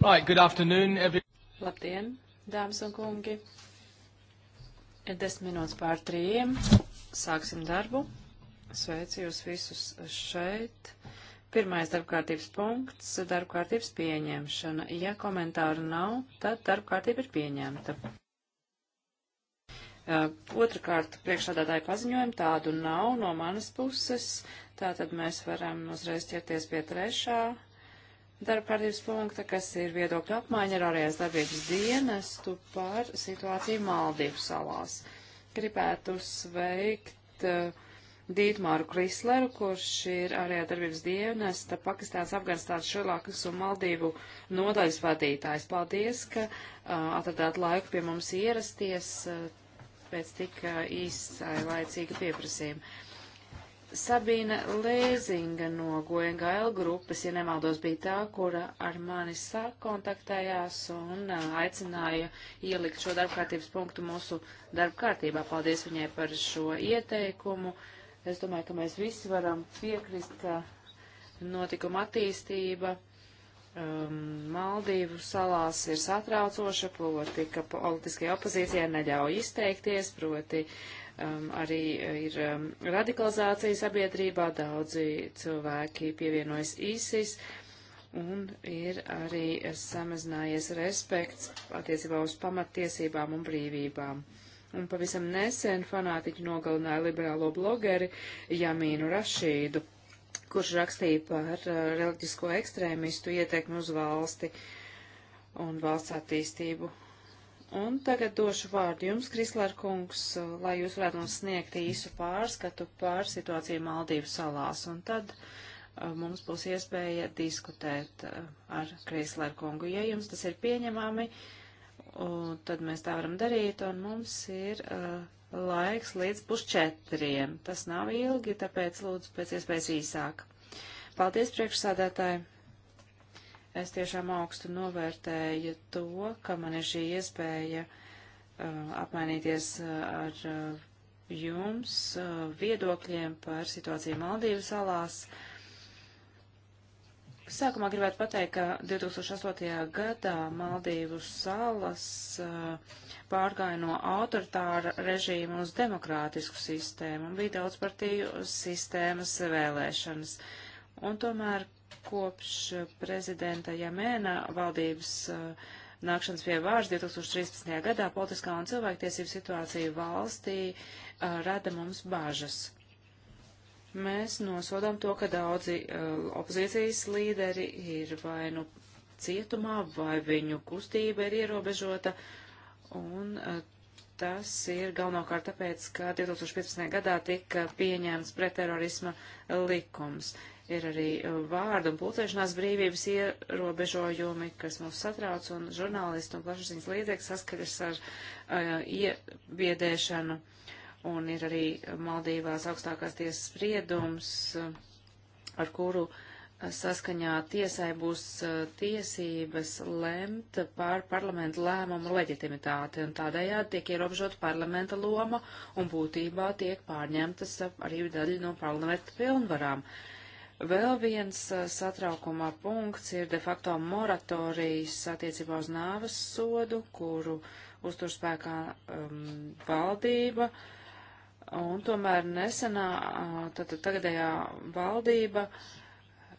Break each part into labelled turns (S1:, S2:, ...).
S1: Right, good afternoon, every...
S2: Labdien, dāmas un kungi. Ir desmit minūtes pār trījiem. Sāksim darbu. Sveicu jūs visus šeit. Pirmais darbkārtības punkts - darbkārtības pieņemšana. Ja komentāru nav, tad darbkārtība ir pieņemta. Otrakārt, priekšādātāju paziņojumu tādu nav no manas puses, tātad mēs varam uzreiz ķerties pie trešā darba kārtības punkta, kas ir viedokļu apmaiņa ar ārējās darbības dienestu par situāciju Maldīvu salās. Gribētu sveikt uh, Dītmāru Krisleru, kurš ir ārējā darbības dienesta Pakistāns, Afganistāns, Šrilakas un Maldīvu nodaļas vadītājs. Paldies, ka uh, atradāt laiku pie mums ierasties uh, pēc tik īsai laicīga pieprasījuma. Sabīna Lēzinga no GNL grupas, ja nemaldos, bija tā, kura ar mani sakontaktējās un uh, aicināja ielikt šo darbkārtības punktu mūsu darbkārtībā. Paldies viņai par šo ieteikumu. Es domāju, ka mēs visi varam piekrist, ka notikuma attīstība um, Maldīvu salās ir satraucoša, proti, ka politiskai opozīcijai neļauj izteikties, proti, uh, um, arī uh, ir um, radikalizācija sabiedrībā, daudzi cilvēki pievienojas ISIS, un ir arī samazinājies respekts attiecībā uz pamattiesībām un brīvībām. Un pavisam nesen fanātiķi nogalināja liberālo blogeri Jamīnu Rašīdu, kurš rakstīja par uh, reliģisko ekstrēmistu ietekmi uz valsti un valsts attīstību. Un tagad došu vārdu jums, Krislēr kungs, lai jūs varētu mums sniegt īsu pārskatu pār situāciju Maldīvu salās. Un tad uh, mums būs iespēja diskutēt uh, ar Krislēr kungu. Ja jums tas ir pieņemami, uh, tad mēs tā varam darīt, un mums ir uh, laiks līdz pusčetriem. Tas nav ilgi, tāpēc lūdzu pēc iespējas īsāk. Paldies, priekšsādātāji! Es tiešām augstu novērtēju to, ka man ir šī iespēja uh, apmainīties uh, ar uh, jums uh, viedokļiem par situāciju Maldīvu salās. Sākumā gribētu pateikt, ka 2008. gadā Maldīvu salas uh, pārgāja no autoritāra režīma uz demokrātisku sistēmu un bija daudz partiju sistēmas vēlēšanas. Un tomēr kopš eh, prezidenta Jamēna valdības uh, nākšanas pie vārds 2013. gadā politiskā un cilvēktiesību situācija valstī uh, rada mums bažas. Mēs nosodām to, ka daudzi uh, opozīcijas līderi ir vai nu cietumā, vai viņu kustība ir ierobežota, un Tas ir galvenokārt tāpēc, ka 2015. gadā tika pieņemts pretterorisma likums. Ir arī uh, vārdu un pulcēšanās brīvības ierobežojumi, kas mūs satrauc, un žurnālisti un plašsaziņas līdzekļi saskaras ar uh, iebiedēšanu. Un ir arī Maldīvās augstākās tiesas spriedums, uh, ar kuru uh, saskaņā tiesai būs eh, tiesības lemt par parlamentu lēmumu leģitimitāti, un tādējādi tiek ierobežota parlamenta loma, un būtībā tiek pārņemtas arī daļa no parlamenta pilnvarām. Vēl viens eh, satraukumā punkts ir de facto moratorijas attiecībā uz nāves sodu, kuru uztur spēkā um, valdība, un tomēr nesenā, tad tagadējā valdība uh,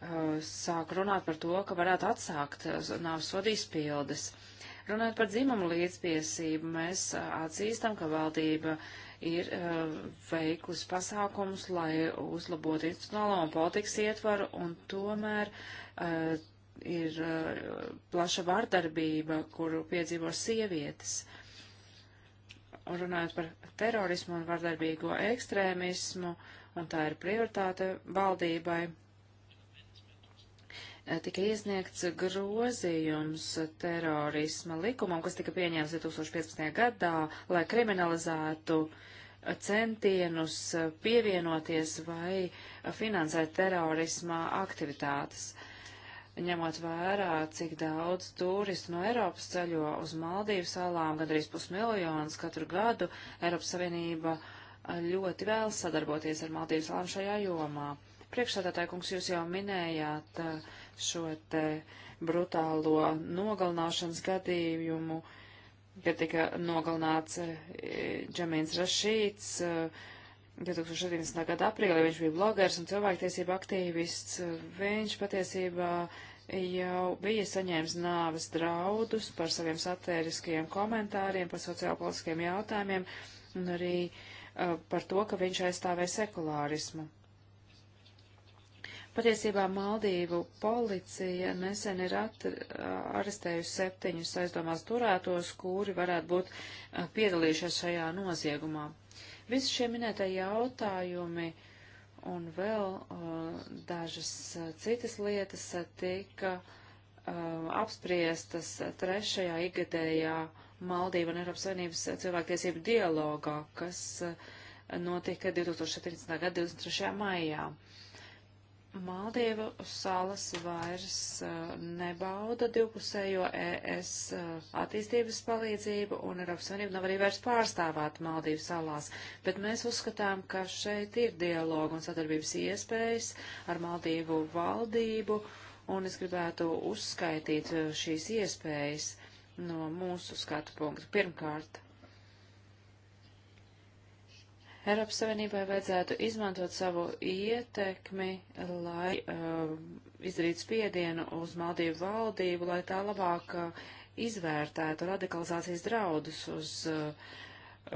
S2: Uh, sāk runāt par to, ka varētu atsākt uh, nāvsodu izpildes. Runājot par dzimumu līdztiesību, mēs uh, atzīstam, ka valdība ir veikusi pasākumus, lai uzlabotu institucionālo un politikas ietvaru, un tomēr ir plaša vardarbība, kuru piedzīvo sievietes runājot par terorismu un vardarbīgo ekstrēmismu, un tā ir prioritāte valdībai. Eh, tika iesniegts grozījums terorisma likumam, kas tika pieņēmts 2015. gadā, lai kriminalizētu centienus pievienoties vai finansēt terorisma aktivitātes. Ņemot vērā, cik daudz turistu no Eiropas ceļo uz Maldīvu salām, gandrīz pusmiljons katru gadu, Eiropas Savienība ļoti vēl sadarboties ar Maldīvu salām šajā jomā. Priekšsādātāja kungs, jūs jau minējāt uh, šo te brutālo nogalināšanas gadījumu, kad tika nogalināts e, Džamīns Rašīts 2017. E, gada aprīlī. Viņš bija blogers un cilvēktiesība aktīvists. Viņš patiesībā jau bija saņēmis nāves draudus par saviem satēriskajiem komentāriem, par sociālpolitiskiem jautājumiem un arī uh, par to, ka viņš aizstāvēja sekulārismu. Patiesībā Maldīvu policija nesen ir arestējusi septiņus aizdomās turētos, kuri varētu būt piedalījušies šajā noziegumā. Visi šie minētie jautājumi un vēl uh, dažas citas lietas tika uh, apspriestas trešajā igadējā Maldīva un Eiropas Savienības cilvēktiesību dialogā, kas uh, notika 2017. gada 23. maijā. Maldievu salas vairs uh, nebauda divpusējo ES uh, eh, attīstības palīdzību un Eiropas Savienība nav arī vairs pārstāvāt Maldīvu salās, bet mēs uzskatām, ka šeit ir dialogu un sadarbības iespējas ar Maldīvu valdību un es gribētu uzskaitīt eh, šīs iespējas no mūsu skatu punktu. Pirmkārt, Eiropas Savienībai vajadzētu izmantot savu ietekmi, lai uh, izdarītu spiedienu uz Maldīvu valdību, lai tā labāk uh, izvērtētu radikalizācijas draudus uz uh,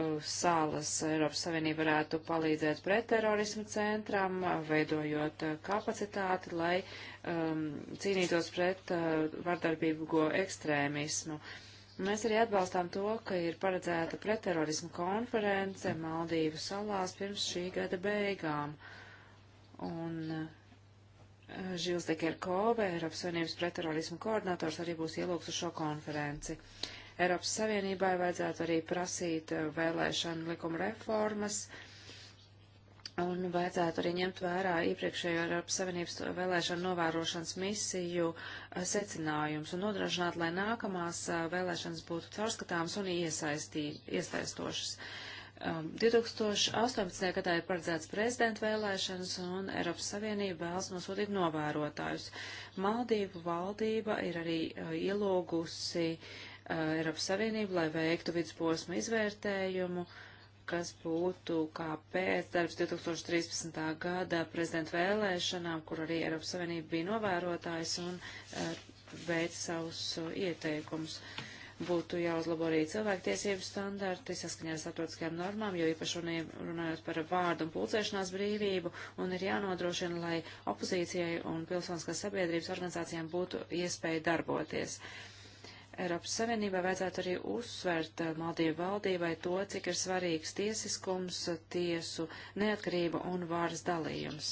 S2: uh salas. Eiropas Savienība varētu palīdzēt pretterorismu centram, veidojot uh, kapacitāti, lai um, cīnītos pret uh, vardarbīgo ekstrēmismu. Uh, Mēs arī atbalstām to, ka ir paredzēta pretterorismu konference Maldīvu salās pirms šī gada beigām. Un eh, Žils de Kerkove, Eiropas Savienības pretterorismu koordinators, arī būs ielūgts uz šo konferenci. Eiropas Savienībai vajadzētu arī prasīt eh, vēlēšanu likuma reformas. Uh, Un vajadzētu arī ņemt vērā iepriekšējo Eiropas Savienības vēlēšanu novērošanas misiju secinājumus un nodrošināt, lai nākamās vēlēšanas būtu caurskatāmas un iesaistošas. 2018. Um, gadā ir paredzēts prezidenta vēlēšanas, un Eiropas Savienība vēlas nosūtīt novērotājus. Maldīvu valdība ir arī ielūgusi Eiropas Savienību, lai veiktu vidusposma izvērtējumu. Uh, kas būtu kā pēcdarbs 2013. gada prezidenta vēlēšanām, kur arī Eiropas Savienība bija novērotājs un eh, veica savus eh, ieteikumus. Būtu jāuzlabo arī cilvēktiesību standarti saskaņā ar starptautiskajām normām, jo īpaši runājot par vārdu un pulcēšanās brīvību, un ir jānodrošina, lai opozīcijai un pilsoniskās sabiedrības organizācijām būtu iespēja darboties. Uh, Eiropas Savienībai vajadzētu arī uzsvērt eh, Maldīvu valdībai to, cik ir svarīgs tiesiskums, tiesu neatkarība un vāras dalījums.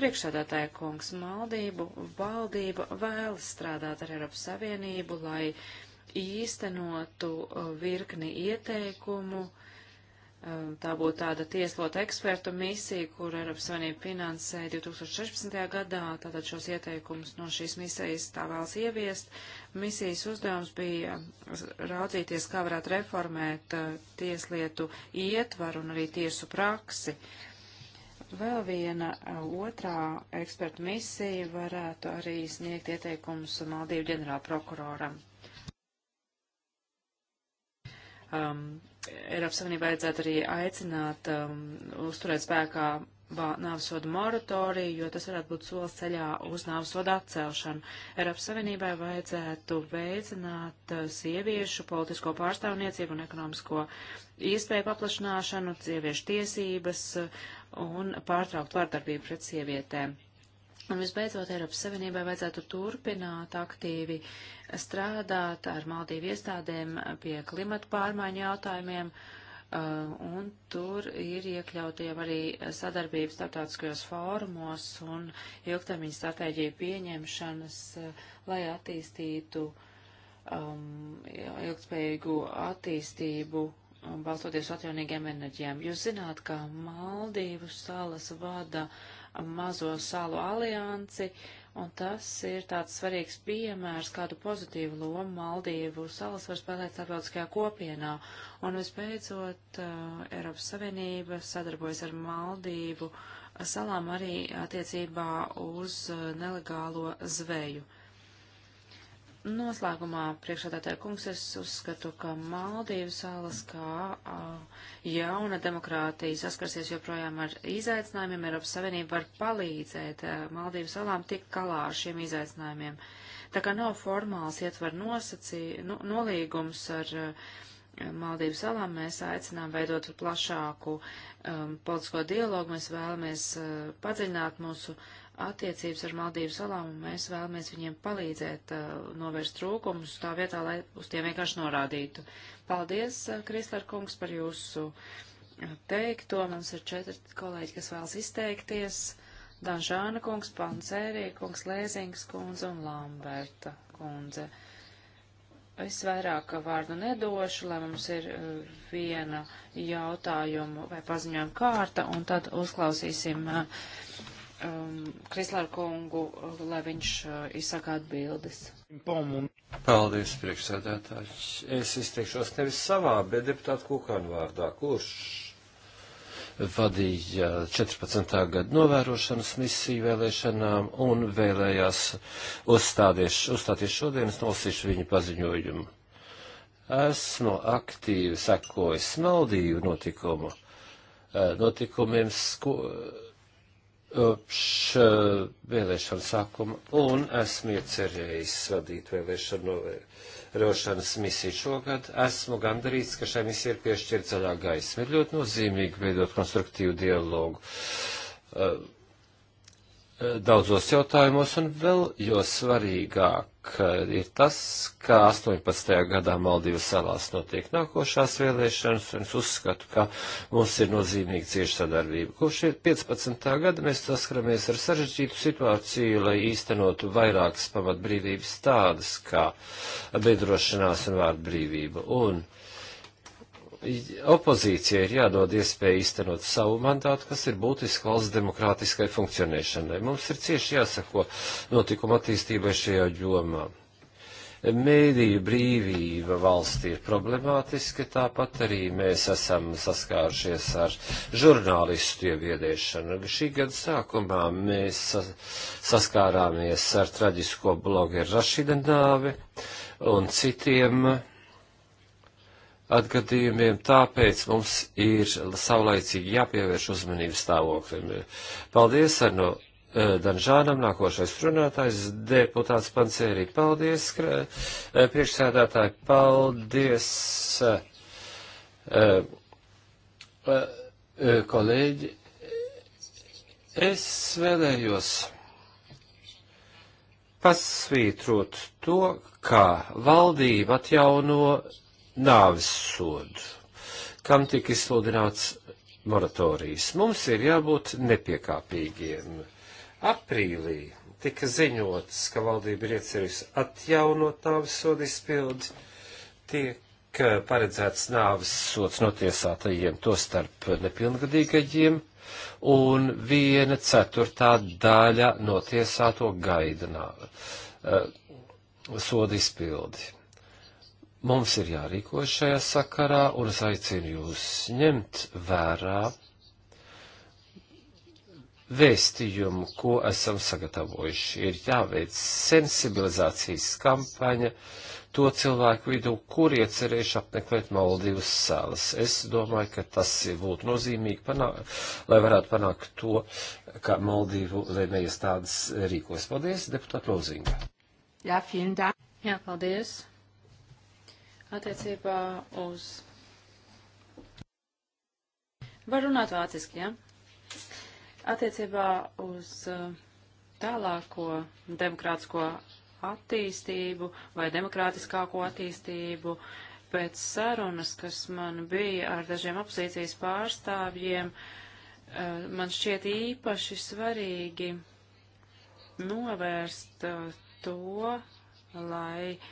S2: Priekšsādātāja kungs Maldību valdība vēlas strādāt ar Eiropas Savienotību, lai īstenotu eh, virkni ieteikumu, Um, tā būtu tāda tieslota ekspertu misija, kur Eiropas Savienība finansēja 2016. gadā. Tātad šos ieteikumus no šīs misijas tā vēlas ieviest. Misijas uzdevums bija raudzīties, kā varētu reformēt uh, tieslietu ietvaru un arī tiesu praksi. Vēl viena uh, otrā ekspertu misija varētu arī sniegt ieteikumus Maldīvu ģenerālprokuroram um, Eiropas Savienībai vajadzētu arī aicināt um, uzturēt spēkā nāvsodu moratoriju, jo tas varētu būt solis ceļā uz nāvsodu atcelšanu. Eiropas Savienībai vajadzētu veicināt uh, sieviešu politisko pārstāvniecību un ekonomisko iespēju paplašināšanu, sieviešu tiesības uh, un pārtraukt vārdarbību pret sievietēm. Un visbeidzot, Eiropas Savienībai vajadzētu turpināt aktīvi strādāt ar Maldīvu iestādēm pie klimatu pārmaiņu jautājumiem, uh, un tur ir iekļauti jau arī sadarbības starptautiskajos fórumos un ilgtermiņa stratēģiju pieņemšanas, uh, lai attīstītu um, ilgspējīgu attīstību um, balstoties atjaunīgiem enerģijām. Jūs zināt, ka Maldīvu salas vada uh, mazo salu aliansi, un tas ir tāds svarīgs piemērs, kādu pozitīvu lomu Maldīvu salas var spēlēt starptautiskajā kopienā. Un visbeidzot, eh, Eiropas Savienība sadarbojas ar Maldīvu salām arī attiecībā uz eh, nelegālo zveju. Noslēgumā, priekšādātāja kungs, es uzskatu, ka Maldīvu salas kā a, jauna demokrātija saskarsies joprojām ar izaicinājumiem. Eiropas Savienība var palīdzēt Maldīvu salām tikt galā ar šiem izaicinājumiem. Tā kā nav formāls ietver nosacī, nu, nolīgums ar a, Maldīvu salām, mēs aicinām veidot plašāku um, politisko dialogu, mēs vēlamies uh, padziļināt mūsu uh, attiecības ar Maldīvu salām, un mēs vēlamies viņiem palīdzēt uh, novērst trūkumus tā vietā, lai uz tiem vienkārši norādītu. Paldies, uh, Kristler kungs, par jūsu uh, teikto. Mums ir četri kolēģi, kas vēlas izteikties. Danžāna kungs, Pancērī kungs, Lēzings kundze un Lamberta kundze. Es vairāk vārdu nedošu, lai mums ir uh, viena jautājuma vai paziņojuma kārta, un tad uzklausīsim uh, um, Krislāru kungu, uh, lai viņš uh, izsaka atbildes.
S1: Paldies, priekšsēdētājs. Es izteikšos nevis savā, bet deputātu Kukānu vārdā, kurš vadīja 14. gada novērošanas misiju vēlēšanām un vēlējās uzstāties šodien, es nolasīšu viņa paziņojumu. Esmu aktīvi sekojis Maldīvu notikumu, eh, notikumiem, sko, vēlēšanu sākuma un esmu iecerējis vadīt vēlēšanu novērošanas misiju šogad. Esmu gandarīts, ka šai misijai ir piešķirta zaļā gaisma. Ir ļoti nozīmīgi veidot konstruktīvu dialogu eh, eh, daudzos jautājumos un vēl jo svarīgāk ir tas, ka 18. gadā Maldīvas salās notiek nākošās vēlēšanas, un es uzskatu, ka mums ir nozīmīga cieša sadarbība. Kopš 15. gada mēs saskaramies ar sarežģītu situāciju, lai īstenotu vairākas pamatbrīvības tādas kā biedrošanās un vārdu brīvība. Un opozīcijai ir jādod iespēja iztenot savu mandātu, kas ir būtiski valsts demokrātiskai funkcionēšanai. Mums ir cieši jāsako notikuma attīstībai šajā jomā. Mēdīju brīvība valstī ir problemātiska, tāpat arī mēs esam saskārušies ar žurnālistu ieviediešanu. Šī gada sākumā mēs saskārāmies ar traģisko blogeru Rašida nāvi un citiem atgadījumiem, tāpēc mums ir saulaicīgi jāpievērš uzmanību stāvoklim. Paldies, Arno eh, Danžānam, nākošais runātājs, deputāts Pancērī, paldies, eh, priekšsēdētāji, paldies, eh, kolēģi. Es vēlējos pasvītrot to, kā valdība atjauno nāvis sodu, kam tika izsludināts moratorijas. Mums ir jābūt nepiekāpīgiem. Aprīlī tika ziņots, ka valdība ir iecerījusi atjaunot nāvis sodu izpildi, tiek eh, paredzēts nāvis sods notiesātajiem, to starp nepilngadīgajiem, un viena ceturtā daļa notiesāto gaida nāvi. Uh, eh, soda izpildi. Mums ir jārīkojas šajā sakarā, un es aicinu jūs ņemt vērā vēstījumu, ko esam sagatavojuši. Ir jāveic sensibilizācijas kampaņa to cilvēku vidū, kuri iecerējuši apmeklēt Maldivas salas. Es domāju, ka tas būtu nozīmīgi, panā, lai varētu panākt to, ka Maldivu lēmējas tādas rīkos. Paldies, deputāta Lozinga.
S2: Jā, Finda. Jā, paldies attiecībā uz. Var runāt vāciski, jā? Ja? Attiecībā uz uh, tālāko demokrātisko attīstību vai demokrātiskāko attīstību pēc sarunas, kas man bija ar dažiem opozīcijas pārstāvjiem, uh, man šķiet īpaši svarīgi novērst uh, to, lai uh,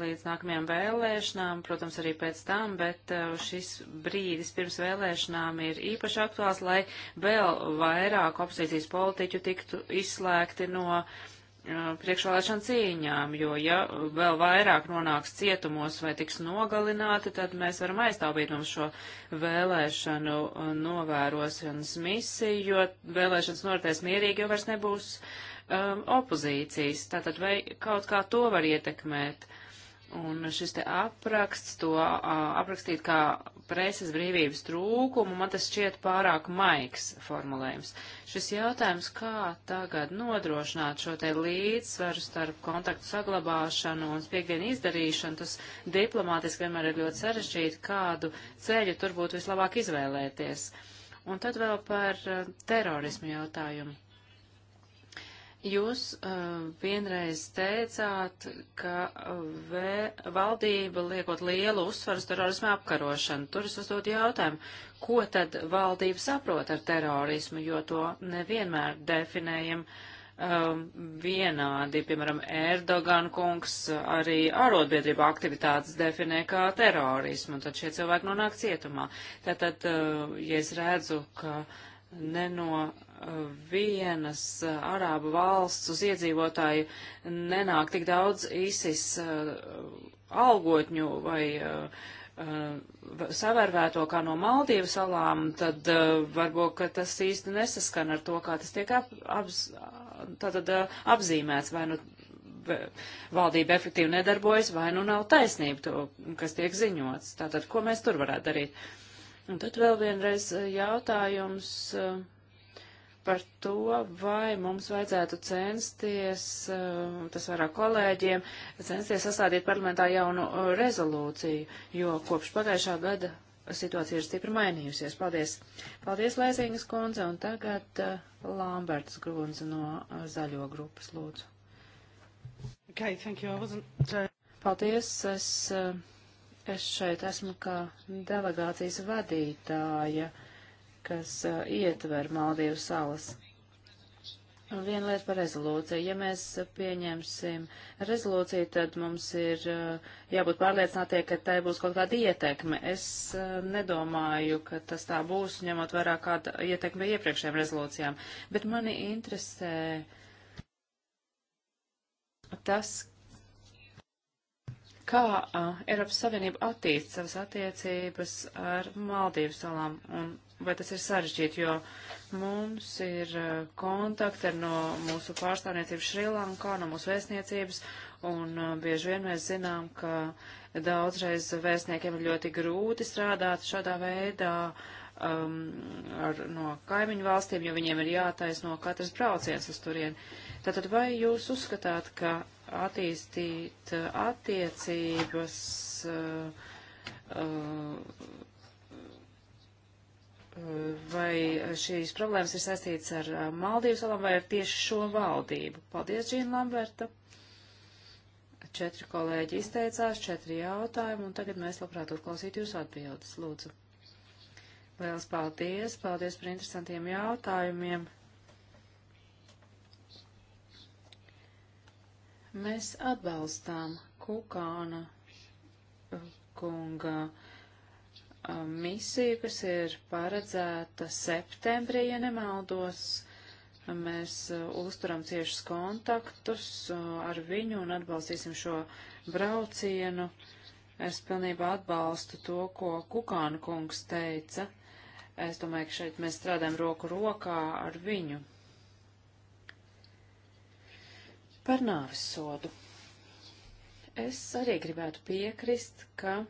S2: līdz nākamajām vēlēšanām, protams, arī pēc tam, bet šis brīdis pirms vēlēšanām ir īpaši aktuāls, lai vēl vairāk opozīcijas politiķu tiktu izslēgti no priekšvēlēšana cīņām, jo ja vēl vairāk nonāks cietumos vai tiks nogalināti, tad mēs varam aizstāvīt mums šo vēlēšanu novērošanas misiju, jo vēlēšanas noritēs mierīgi, jo vairs nebūs um, opozīcijas. Tātad vai kaut kā to var ietekmēt? Uh, Un šis te apraksts to aprakstīt kā preses brīvības trūkumu, man tas šķiet pārāk maigs formulējums. Šis jautājums, kā tagad nodrošināt šo te līdzsvaru starp kontaktu saglabāšanu un spiegvienu izdarīšanu, tas diplomātiski vienmēr ir ļoti sarežģīti, kādu ceļu tur būtu vislabāk izvēlēties. Un tad vēl par terorismu jautājumu. Jūs uh, vienreiz teicāt, ka uh, vē, valdība liekot lielu uzsvaru uz terorismu apkarošanu. Tur es uzdod jautājumu, ko tad valdība saprot ar terorismu, jo to nevienmēr definējam um, vienādi. Piemēram, Erdogan kungs arī arotbiedrība aktivitātes definē kā terorismu, un tad šie cilvēki nonāk cietumā. Tātad, uh, ja es redzu, ka neno vienas eh, arābu valsts uz iedzīvotāju nenāk tik daudz ISIS eh, algotņu vai eh, savērvēto kā no Maldīvu salām, tad varbūt, ka tas īsti nesaskan ar to, kā tas tiek ap, apz, tātad, apzīmēts, vai nu valdība efektīvi nedarbojas, vai nu nav taisnība to, kas tiek ziņots. Tātad, ko mēs tur varētu darīt? Un tad vēl vienreiz jautājums. Uh, par to, vai mums vajadzētu censties, uh, tas vairāk kolēģiem, censties sastādīt parlamentā jaunu uh, rezolūciju, jo kopš pagājušā gada situācija ir stipri mainījusies. Paldies. Paldies, Lēzīgas kundze, un tagad uh, Lamberts Grunze no Zaļo grupas lūdzu. Okay, thank you. I wasn't... Paldies. Es, es šeit esmu kā delegācijas vadītāja. Uh, kas uh, ietver Maldīvu salas. Un viena lieta par rezolūciju. Ja mēs pieņemsim rezolūciju, tad mums ir jābūt pārliecinātie, ka tai būs kaut kāda ietekme. Es nedomāju, ka tas tā būs, ņemot vērā kāda ietekme iepriekšējām rezolūcijām. Bet mani interesē tas, kā uh, Eiropas Savienība attīst savas attiecības ar Maldīvu salām un vai tas ir sarežģīti, jo mums ir uh, kontakti no mūsu pārstāvniecības Šrilankā, no mūsu vēstniecības, un uh, bieži vien mēs zinām, ka daudzreiz vēstniekiem ir ļoti grūti strādāt šādā veidā um, ar, no kaimiņu valstīm, jo viņiem ir jātaisno katrs brauciens uz turien. Tātad vai jūs uzskatāt, ka attīstīt uh, attiecības uh, uh, vai šīs problēmas ir saistītas ar uh, Maldīvu salām vai ar tieši šo valdību. Paldies, Džīna Lamberta. Četri kolēģi izteicās, četri jautājumi, un tagad mēs labprāt uzklausītu jūsu atbildes. Lūdzu. Liels paldies, paldies par interesantiem jautājumiem. Mēs atbalstām Kukāna uh, kunga. Uh, misiju, kas ir paredzēta septembrī, ja nemaldos. Mēs uh, uzturam ciešus kontaktus uh, ar viņu un atbalstīsim šo braucienu. Es pilnībā atbalstu to, ko Kukāna kungs teica. Es domāju, ka šeit mēs strādājam roku rokā ar viņu. Par nāvis sodu. Es arī gribētu piekrist, ka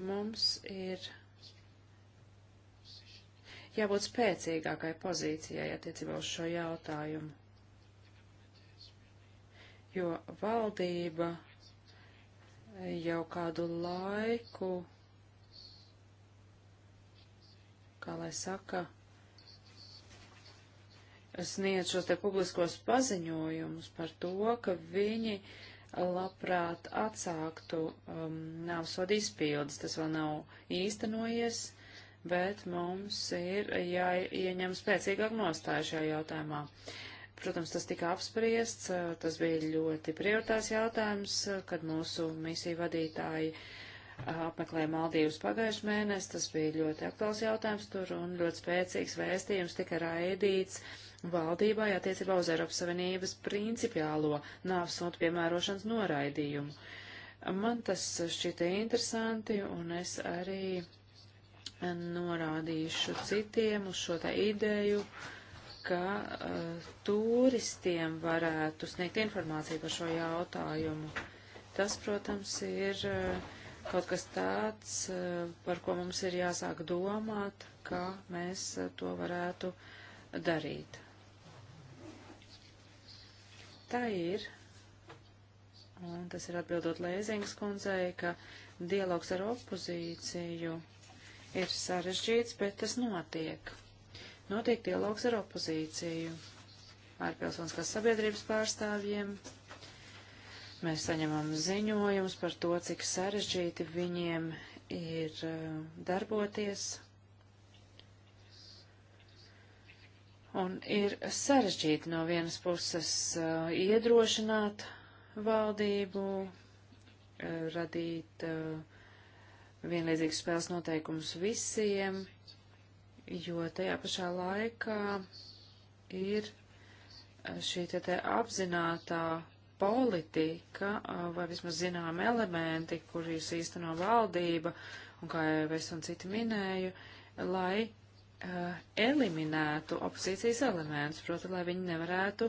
S2: mums ir jābūt spēcīgākai pozīcijai attiecībā uz šo jautājumu. Jo valdība jau kādu laiku, kā lai saka, sniedz šos te publiskos paziņojumus par to, ka viņi labprāt atsāktu um, nāvsodu izpildes. Tas vēl nav īstenojies, bet mums ir jāieņem spēcīgāk nostāja šajā jautājumā. Protams, tas tika apspriests, tas bija ļoti prioritārs jautājums, kad mūsu misiju vadītāji apmeklēja Maldīvas pagājušajā mēnesī. Tas bija ļoti aktuāls jautājums tur un ļoti spēcīgs vēstījums tika raidīts valdībai attiecībā uz Eiropas Savienības principiālo nāvsotu piemērošanas noraidījumu. Man tas šķita interesanti un es arī norādīšu citiem uz šo tā ideju, ka uh, turistiem varētu sniegt informāciju par šo jautājumu. Tas, protams, ir uh, kaut kas tāds, uh, par ko mums ir jāsāk domāt, kā mēs uh, to varētu darīt. Tā ir. Un tas ir atbildot Lēzings kundzei, ka dialogs ar opozīciju uh, ir sarežģīts, bet tas notiek. Notiek dialogs ar opozīciju, ar pilsoniskās sabiedrības pārstāvjiem. Mēs saņemam ziņojumus par to, cik sarežģīti viņiem ir eh, darboties. Un ir sarežģīti no vienas puses eh, iedrošināt valdību, eh, radīt uh, vienlīdzīgas spēles noteikumus visiem, jo tajā pašā laikā ir eh, šī te, te apzinātā politika, eh, vai vismaz zinām elementi, kurus īsteno valdība, un kā jau es un citi minēju, lai uh, eliminētu opozīcijas elementus, proti, lai viņi nevarētu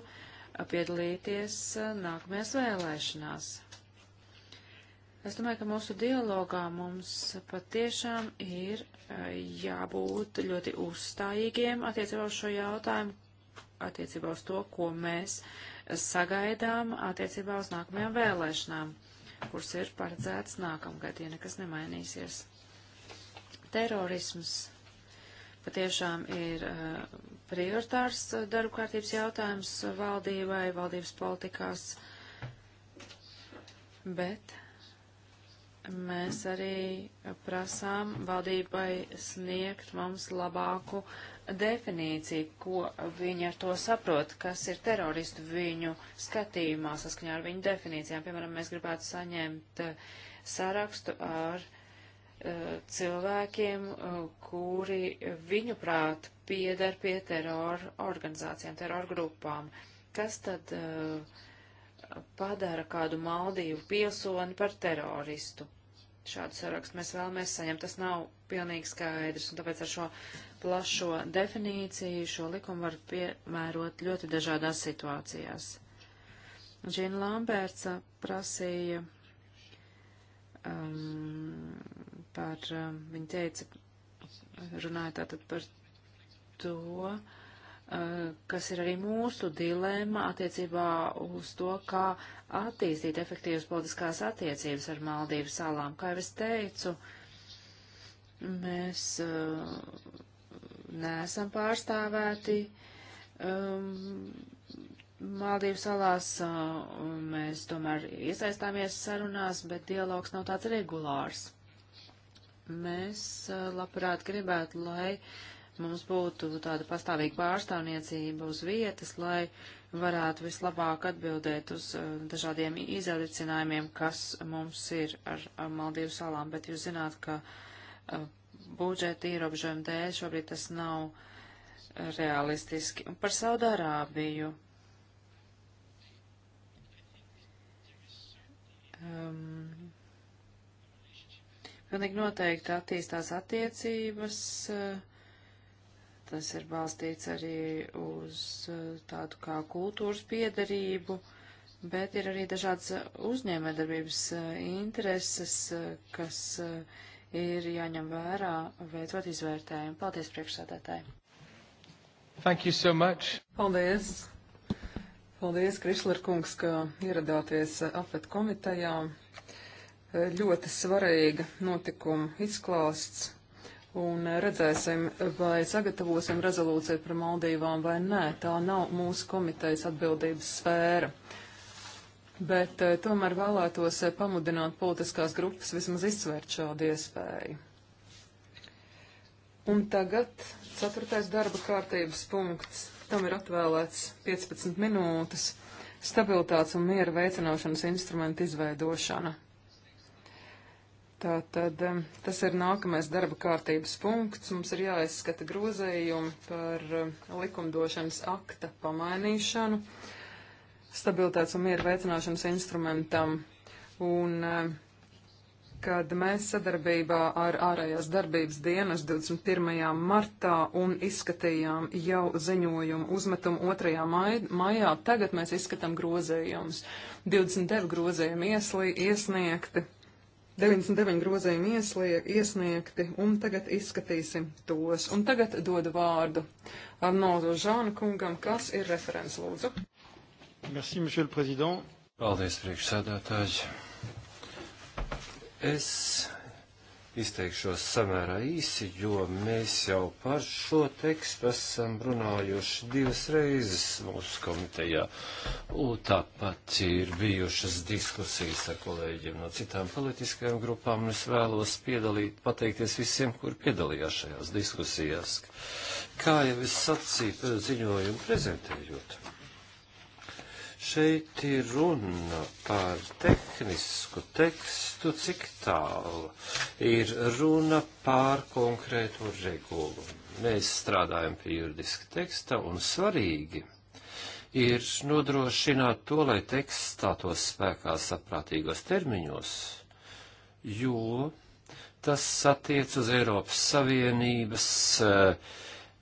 S2: piedalīties uh, nākamajās vēlēšanās. Es domāju, ka mūsu dialogā mums patiešām ir e, jābūt ļoti uzstājīgiem attiecībā uz šo jautājumu, attiecībā uz to, ko mēs sagaidām attiecībā uz nākamajām vēlēšanām, kuras ir paredzētas nākamgad, ja nekas nemainīsies. Terorisms patiešām ir e, prioritārs darba kārtības jautājums valdībai, valdības politikās, bet mēs arī prasām valdībai sniegt mums labāku definīciju, ko viņi ar to saprot, kas ir teroristu viņu skatījumā saskaņā ar viņu definīcijām. Piemēram, mēs gribētu saņemt eh, sarakstu ar uh, cilvēkiem, uh, kuri viņuprāt piedar pie terora organizācijām, terora grupām. Kas tad uh, padara kādu Maldīvu pilsoni par teroristu. Šādu sarakstu mēs vēlamies saņemt. Tas nav pilnīgi skaidrs, un tāpēc ar šo plašo definīciju šo likumu var piemērot ļoti dažādās situācijās. Džina Lamberts uh, prasīja um, par, um, viņa teica, runāja tātad par to, uh, Eh, kas ir arī mūsu dilēma attiecībā uz to, kā attīstīt efektīvas politiskās attiecības ar Maldīvu salām. Kā jau es teicu, mēs uh, neesam pārstāvēti um, ehm, Maldīvu salās, uh, mēs tomēr iesaistāmies sarunās, bet dialogs nav tāds regulārs. Mēs uh, labprāt gribētu, lai uh, mums būtu tāda pastāvīga pārstāvniecība uz vietas, lai varētu vislabāk atbildēt uz eh, dažādiem izaicinājumiem, kas mums ir ar, ar Maldīvu salām, bet jūs zināt, ka eh, budžeta ierobežojumu dēļ šobrīd tas nav realistiski. Un par Saudārābiju. Um, pilnīgi noteikti attīstās attiecības. Uh, Tas ir balstīts arī uz uh, tādu kā kultūras piedarību, bet ir arī dažādas uh, uzņēmēdarbības uh, intereses, kas ir jāņem vērā, veicot izvērtējumu. Paldies, priekšsādātāji!
S1: Thank you so much!
S3: Paldies! Paldies, Krišler kungs, ka ieradāties apvet komitejā. Ļoti svarīga notikuma izklāsts un eh, redzēsim, vai sagatavosim rezolūciju par Maldīvām vai nē. Tā nav mūsu komitejas atbildības sfēra. Bet eh, tomēr vēlētos eh, pamudināt politiskās grupas vismaz izsvērt šādu iespēju. Un tagad ceturtais darba kārtības punkts. Tam ir atvēlēts 15 minūtes. Stabilitātes un miera veicināšanas instrumenta izveidošana. Tā tad tas ir nākamais darba kārtības punkts. Mums ir jāizskata grozējumi par likumdošanas akta pamainīšanu stabilitātes un miera veicināšanas instrumentam. Un kad mēs sadarbībā ar ārējās darbības dienas 21. martā un izskatījām jau ziņojumu uzmetumu 2. maijā, tagad mēs izskatām grozējumus. 29 grozējumi ieslī, iesniegti 99 grozījumi iesliek, iesniegti, un tagad izskatīsim tos. Un tagad dodu vārdu Arnoldu Žānu kungam, kas ir referents lūdzu. Merci, monsieur le président.
S1: Paldies, priekšsēdētāji. Es izteikšos samērā īsi, jo mēs jau par šo tekstu esam runājuši divas reizes mūsu komitejā. Un tāpat ir bijušas diskusijas ar kolēģiem no citām politiskajām grupām. Es vēlos piedalīt, pateikties visiem, kur piedalījās šajās diskusijās. Kā jau es sacīju, ziņojumu prezentējot Šeit ir runa par tehnisku tekstu, cik tālu ir runa par konkrētu regulu. Mēs strādājam pie juridiska teksta un svarīgi ir nodrošināt to, lai teksts stātos spēkā saprātīgos termiņos, jo tas attiec uz Eiropas Savienības uh,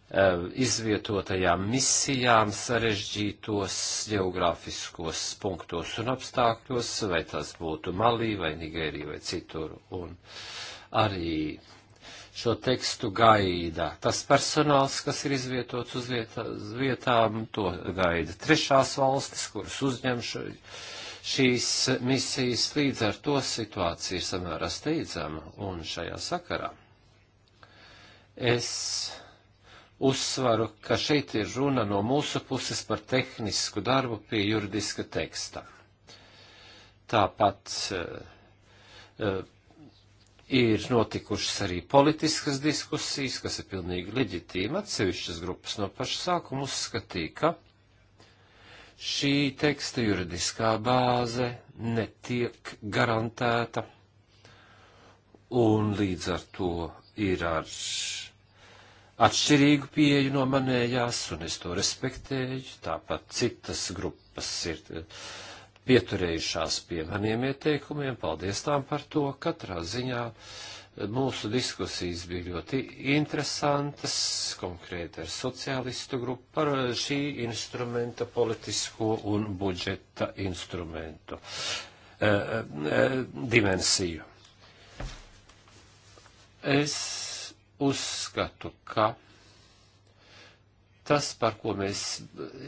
S1: Eh, izvietotajām misijām sarežģītos geogrāfiskos punktos un apstākļos, vai tas būtu Malī, vai Nigērija, vai citur. Un arī šo tekstu gaida tas personāls, kas ir izvietots uz vietā, vietām, to gaida trešās valstis, kuras uzņem šo, šīs misijas, līdz ar to situācija ir samērā steidzama un šajā sakarā. Es uzsvaru, ka šeit ir runa no mūsu puses par tehnisku darbu pie juridiska teksta. Tāpat uh, ir notikušas arī politiskas diskusijas, kas ir pilnīgi leģitīma. Atsevišķas grupas no paša sākuma uzskatīja, ka šī teksta juridiskā bāze netiek garantēta, un līdz ar to ir ar. Arš atšķirīgu pieeju no manējās, un es to respektēju. Tāpat citas grupas ir eh, pieturējušās pie maniem ieteikumiem. Paldies tām par to. Katrā ziņā eh, mūsu diskusijas bija ļoti interesantas, konkrēti ar sociālistu grupu par eh, šī instrumenta politisko un budžeta instrumentu dimensiju. Es uzskatu, ka tas, par ko mēs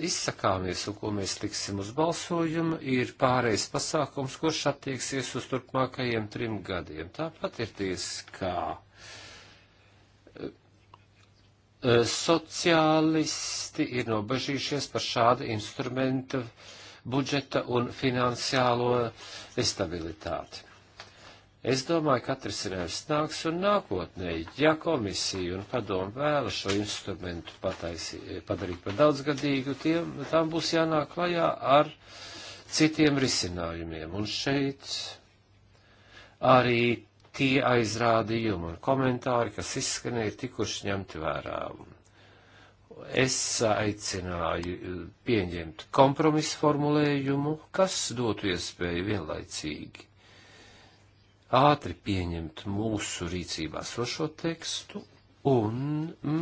S1: izsakāmies un ko mēs liksim uz balsojumu, ir pārējais pasākums, kurš attieksies uz turpmākajiem trim gadiem. Tāpat ir tieskā. E, sociālisti ir nobežījušies par šādu instrumentu budžeta un finansiālo stabilitāti Es domāju, ka atrisinājums nāks un nākotnē, ja komisija un padomu vēla šo instrumentu pataisi, padarīt par daudzgadīgu, tiem, tām būs jānāk klajā ar citiem risinājumiem. Un šeit arī tie aizrādījumi un komentāri, kas izskanēja, tikuši ņemti vērā. Es aicināju uh, pieņemt kompromisu formulējumu, kas dotu iespēju vienlaicīgi ātri pieņemt mūsu rīcībā sošo tekstu un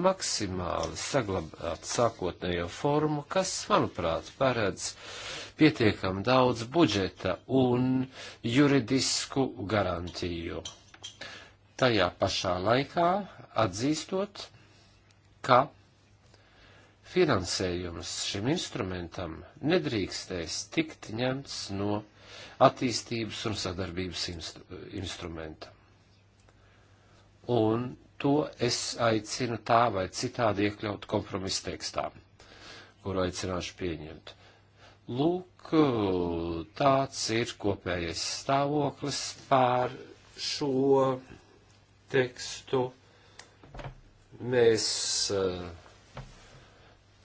S1: maksimāli saglabāt sākotnējo formu, kas, manuprāt, paredz pietiekam daudz budžeta un juridisku garantiju. Tajā pašā laikā atzīstot, ka finansējums šim instrumentam nedrīkstēs tikt ņemts no attīstības un sadarbības instru, instrumenta. Un to es aicinu tā vai citādi iekļaut kompromisa tekstā, kuru aicināšu pieņemt. Lūk, tāds ir kopējais stāvoklis pār šo tekstu. Mēs uh,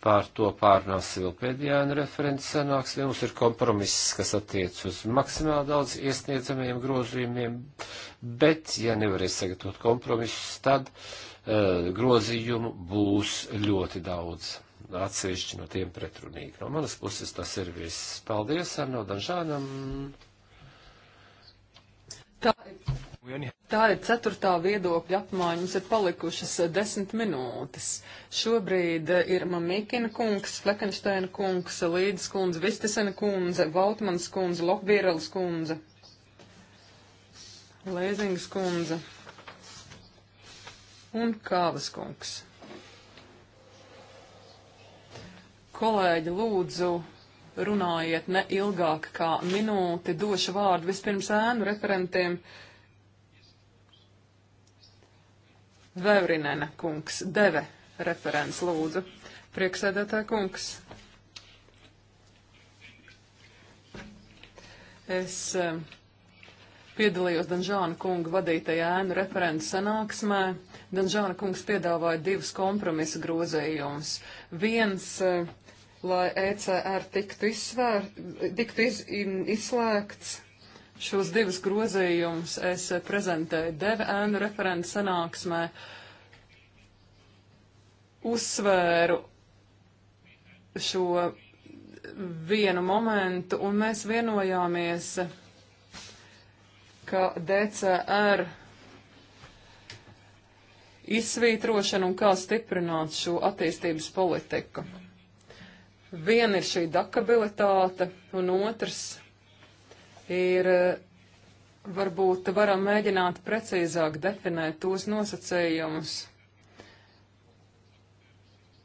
S1: Pār to pārnāsim vēl pēdējā referents sanāksmē. Mums ir kompromiss, kas attiec uz maksimāli daudz iesniedzamiem grozījumiem, bet, ja nevarēs sagatavot kompromisus, tad uh, grozījumu būs ļoti daudz atsevišķi no tiem pretrunīgi. No manas puses tas ir viss. Paldies Arno Danžānam. Tā ir
S3: Tā ir ceturtā viedokļa apmaiņa. Mums ir palikušas eh, desmit minūtes. Šobrīd eh, ir Mamikina kungs, Fleckensteina kungs, Līdz kundze, Vistisena kundze, Valtmans kundze, Lokbīrelis kundze, Lēzings kundze un Kāvas kungs. Kolēģi, lūdzu, runājiet ne ilgāk kā minūti. Došu vārdu vispirms ēnu referentiem. Uh, Vevrinena kungs, deve referents lūdzu. Prieksēdētā kungs. Es eh, piedalījos Danžāna kunga vadītajā ēnu referentu sanāksmē. Danžāna kungs piedāvāja divus kompromisa grozījumus. Viens, eh, lai ECR tiktu, izsvēr, tiktu iz, izslēgts Šos divus grozījumus es prezentēju DVN referenta sanāksmē, uzsvēru šo vienu momentu, un mēs vienojāmies, ka DCR izsvītrošana un kā stiprināt šo attīstības politiku. Viena ir šī dakabilitāte, un otrs ir eh, varbūt varam mēģināt precīzāk definēt tos nosacējumus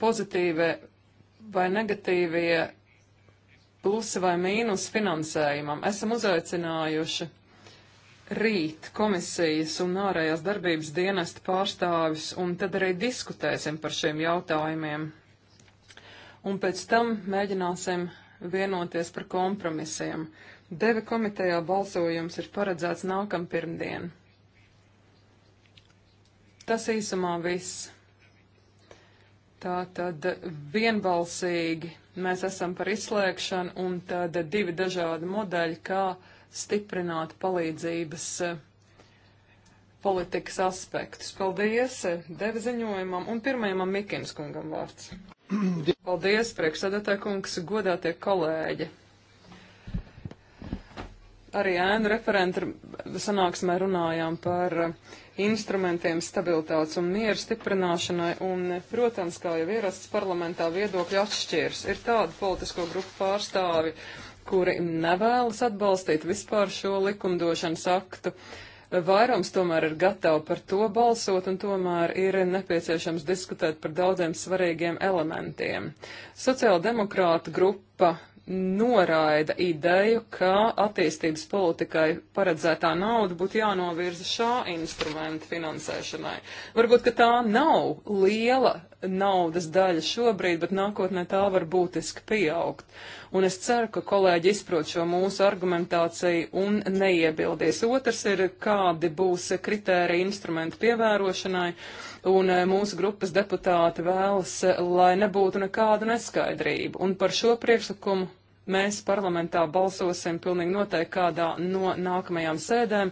S3: pozitīvie vai negatīvie plusi vai mīnus finansējumam. Esam uzaicinājuši rīt komisijas un ārējās darbības dienesta pārstāvis, un tad arī diskutēsim par šiem jautājumiem. Un pēc tam mēģināsim vienoties par kompromisiem. Deve komitejā balsojums ir paredzēts nākam pirmdien. Tas īsumā viss. Tā tad vienbalsīgi mēs esam par izslēgšanu un tad divi dažādi modeļi, kā stiprināt palīdzības eh, politikas aspektus. Paldies eh, Deve ziņojumam un pirmajam Mikins kungam vārds. Paldies, priekšsēdētāj kungs, godātie kolēģi! arī ēnu referenta sanāksmē runājām par eh, instrumentiem stabilitātes un mieru stiprināšanai, un, eh, protams, kā jau ierasts parlamentā viedokļi atšķirs, ir tāda politisko grupu pārstāvi, kuri nevēlas atbalstīt vispār šo likumdošanas aktu. Vairums tomēr ir gatavi par to balsot, un tomēr ir nepieciešams diskutēt par daudziem svarīgiem elementiem. Sociāldemokrāta grupa noraida ideju, ka attīstības politikai paredzētā nauda būtu jānovirza šā instrumenta finansēšanai. Varbūt, ka tā nav liela naudas daļa šobrīd, bet nākotnē tā var būtiski pieaugt. Un es ceru, ka kolēģi izprot šo mūsu argumentāciju un neiebildies. Otrs ir, kādi būs kritēri instrumentu pievērošanai, un mūsu grupas deputāti vēlas, lai nebūtu nekādu neskaidrību. Un par šo priekšlikumu mēs parlamentā balsosim pilnīgi noteikti kādā no nākamajām sēdēm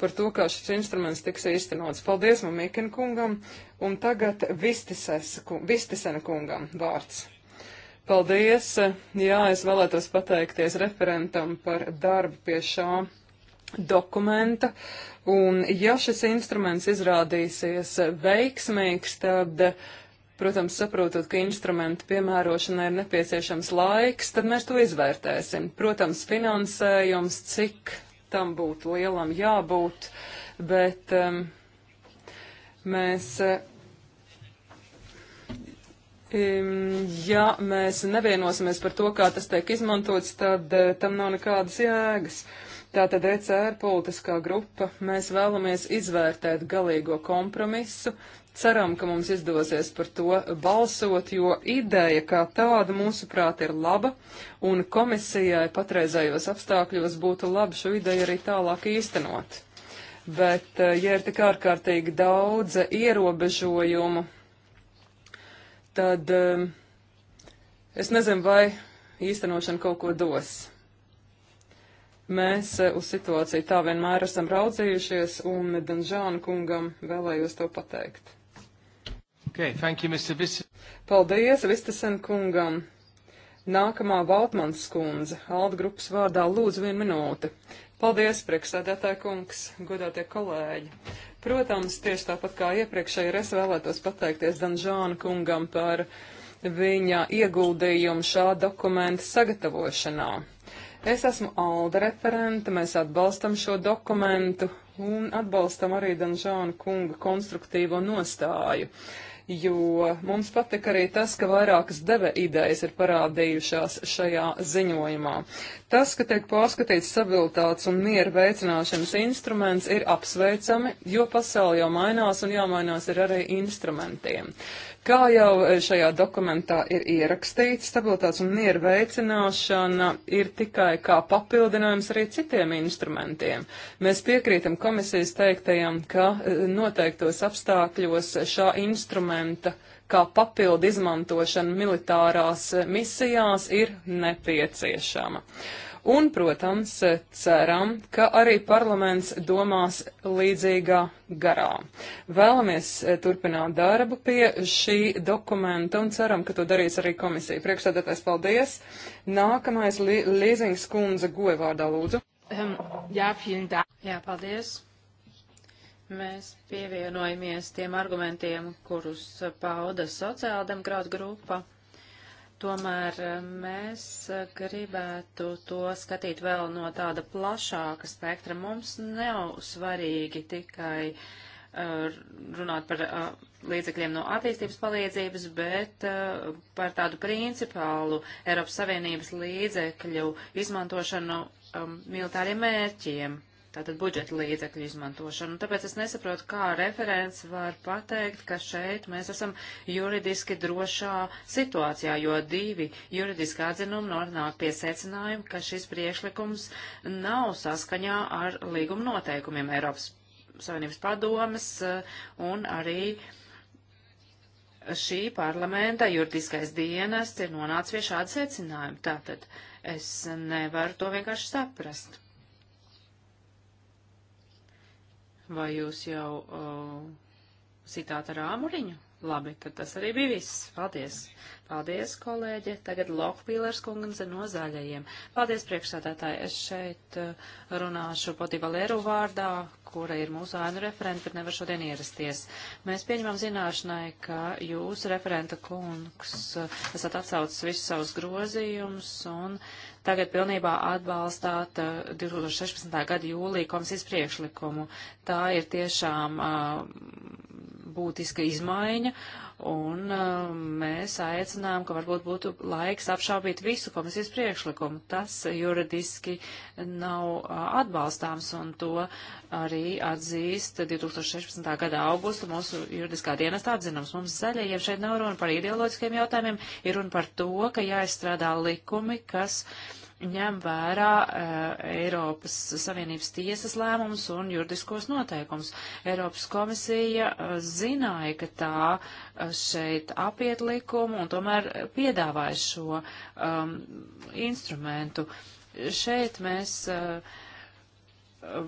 S3: par to, kā šis instruments tiks īstenots. Paldies Mamikina kungam un tagad Vistisena kungam vārds. Paldies! Jā, es vēlētos pateikties referentam par darbu pie šā dokumenta. Un ja šis instruments izrādīsies veiksmīgs, tad Protams, saprotot, ka instrumentu piemērošanai ir nepieciešams laiks, tad mēs to izvērtēsim. Protams, finansējums, cik tam būtu lielam jābūt, bet um, mēs. Um, ja mēs nevienosimies par to, kā tas tiek izmantots, tad uh, tam nav nekādas jēgas. Tātad ECR politiskā grupa mēs vēlamies izvērtēt galīgo kompromisu, Ceram, ka mums izdosies par to balsot, jo ideja kā tāda mūsuprāt ir laba, un komisijai patreizējos apstākļos būtu labi šo ideju arī tālāk īstenot. Bet, eh, ja ir tik ārkārtīgi daudz ierobežojumu, tad eh, es nezinu, vai īstenošana kaut ko dos. Mēs eh, uz situāciju tā vienmēr esam raudzījušies, un Danžāna kungam vēlējos to pateikt. Okay, thank you, Mr. Vis Paldies Vistesen kungam. Nākamā Valtmans skundze, Alda grupas vārdā, lūdzu vienu minūti. Paldies, priekšsēdētāji kungs, godātie kolēģi. Protams, tieši tāpat kā iepriekšēji, es vēlētos pateikties Danžāna kungam par viņa ieguldījumu šā dokumenta sagatavošanā. Es esmu Alda referente, mēs atbalstam šo dokumentu un atbalstam arī Danžāna kunga konstruktīvo nostāju jo mums patika arī tas, ka vairākas deve idejas ir parādījušās šajā ziņojumā. Tas, ka tiek pārskatīts stabilitātes un miera veicināšanas instruments, ir apsveicami, jo pasauli jau mainās un jāmainās ir arī instrumentiem. Kā jau e, šajā dokumentā ir ierakstīts, stabilitātes un miera veicināšana ir tikai kā papildinājums arī citiem instrumentiem. Mēs piekrītam komisijas teiktajam, ka e, noteiktos apstākļos šā instrumenta kā papildu izmantošana militārās misijās ir nepieciešama. Un, protams, ceram, ka arī parlaments domās līdzīgā garā. Vēlamies eh, turpināt darbu pie šī dokumenta un ceram, ka to darīs arī komisija. Priekšsēdētājs, paldies! Nākamais Līzings kundze Goevārdā lūdzu. Um,
S2: jā, jā, paldies! Mēs pievienojamies tiem argumentiem, kurus pauda sociāldemokrāta grupa. Tomēr eh, mēs gribētu to skatīt vēl no tāda plašāka spektra. Mums nav svarīgi tikai uh, runāt par uh, līdzekļiem no attīstības palīdzības, bet uh, par tādu principālu Eiropas Savienības līdzekļu izmantošanu um, militāriem mērķiem tātad budžeta līdzekļu izmantošanu. Tāpēc es nesaprotu, kā referents var pateikt, ka šeit mēs esam juridiski drošā situācijā, jo divi juridiski atzinumi nonāk pie secinājuma, ka šis priekšlikums nav saskaņā ar līguma noteikumiem Eiropas Savienības padomes eh, un arī šī parlamenta juridiskais dienests ir nonācis pie šāda secinājuma. Tātad es nevaru to vienkārši saprast. Vai jūs jau uh, sitāt ar āmuriņu? Labi, tad tas arī bija viss. Paldies. Paldies, kolēģi. Tagad Lohpīlers kungs no zaļajiem. Paldies, priekšsādātāji. Es šeit eh, runāšu Poti Valēru vārdā, kura ir mūsu ēnu referenta, bet nevar šodien ierasties. Mēs pieņemam zināšanai, ka jūs, referenta kungs, eh, esat atsaucis visus savus grozījumus un tagad pilnībā atbalstāt 2016. Eh, gada jūlija komisijas priekšlikumu. Tā ir tiešām. Uh, būtiska izmaiņa, un uh, mēs aicinām, ka varbūt būtu laiks apšaubīt visu komisijas priekšlikumu. Tas juridiski nav uh, atbalstāms, un to arī atzīst 2016. gada augustu mūsu juridiskā dienesta atzinums. Mums zaļajiem šeit nav runa par ideoloģiskiem jautājumiem, ir runa par to, ka jāizstrādā likumi, kas uh, ņem vērā eh, Eiropas Savienības tiesas lēmumus un juridiskos noteikumus. Eiropas komisija eh, zināja, ka tā eh, šeit apiet likumu un tomēr piedāvāja šo um, instrumentu. Šeit mēs uh,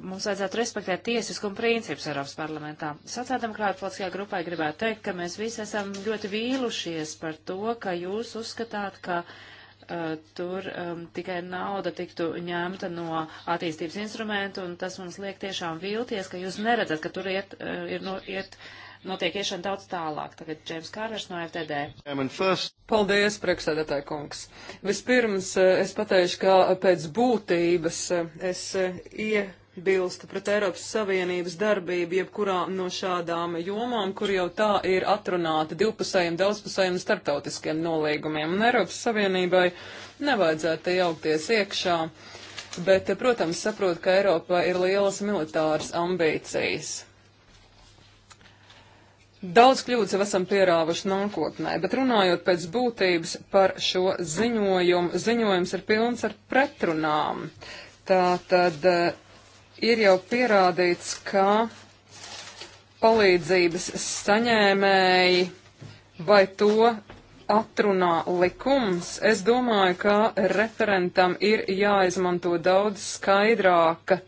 S2: mums vajadzētu respektēt tiesiskumu principus Eiropas parlamentā. Sociāldemokrāta politiskajā grupā gribētu teikt, ka mēs visi esam ļoti vīlušies par to, ka jūs uzskatāt, ka uh, uh, tur um, tikai nauda tiktu ņemta no attīstības instrumentu, un tas mums liek tiešām vilties, ka jūs neredzat, ka tur iet, uh, ir no, iet, notiek iešana daudz tālāk. Tagad Džēms Kārvers no FTD.
S3: Paldies, priekšsēdētāji kungs. Vispirms eh, es pateikšu, ka pēc būtības es ie iebilstu pret Eiropas Savienības darbību jebkurā no šādām jomām, kur jau tā ir atrunāta divpusējiem, daudzpusējiem starptautiskiem nolīgumiem. Un Eiropas Savienībai nevajadzētu jaukties iekšā, bet, protams, saprot, ka Eiropā ir lielas militāras ambīcijas. Daudz kļūdas jau esam pierāvuši nākotnē, bet runājot pēc būtības par šo ziņojumu, ziņojums ir pilns ar pretrunām. Tā tad ir jau pierādīts, ka palīdzības saņēmēji vai to atrunā likums, es domāju, ka referentam ir jāizmanto daudz skaidrāka,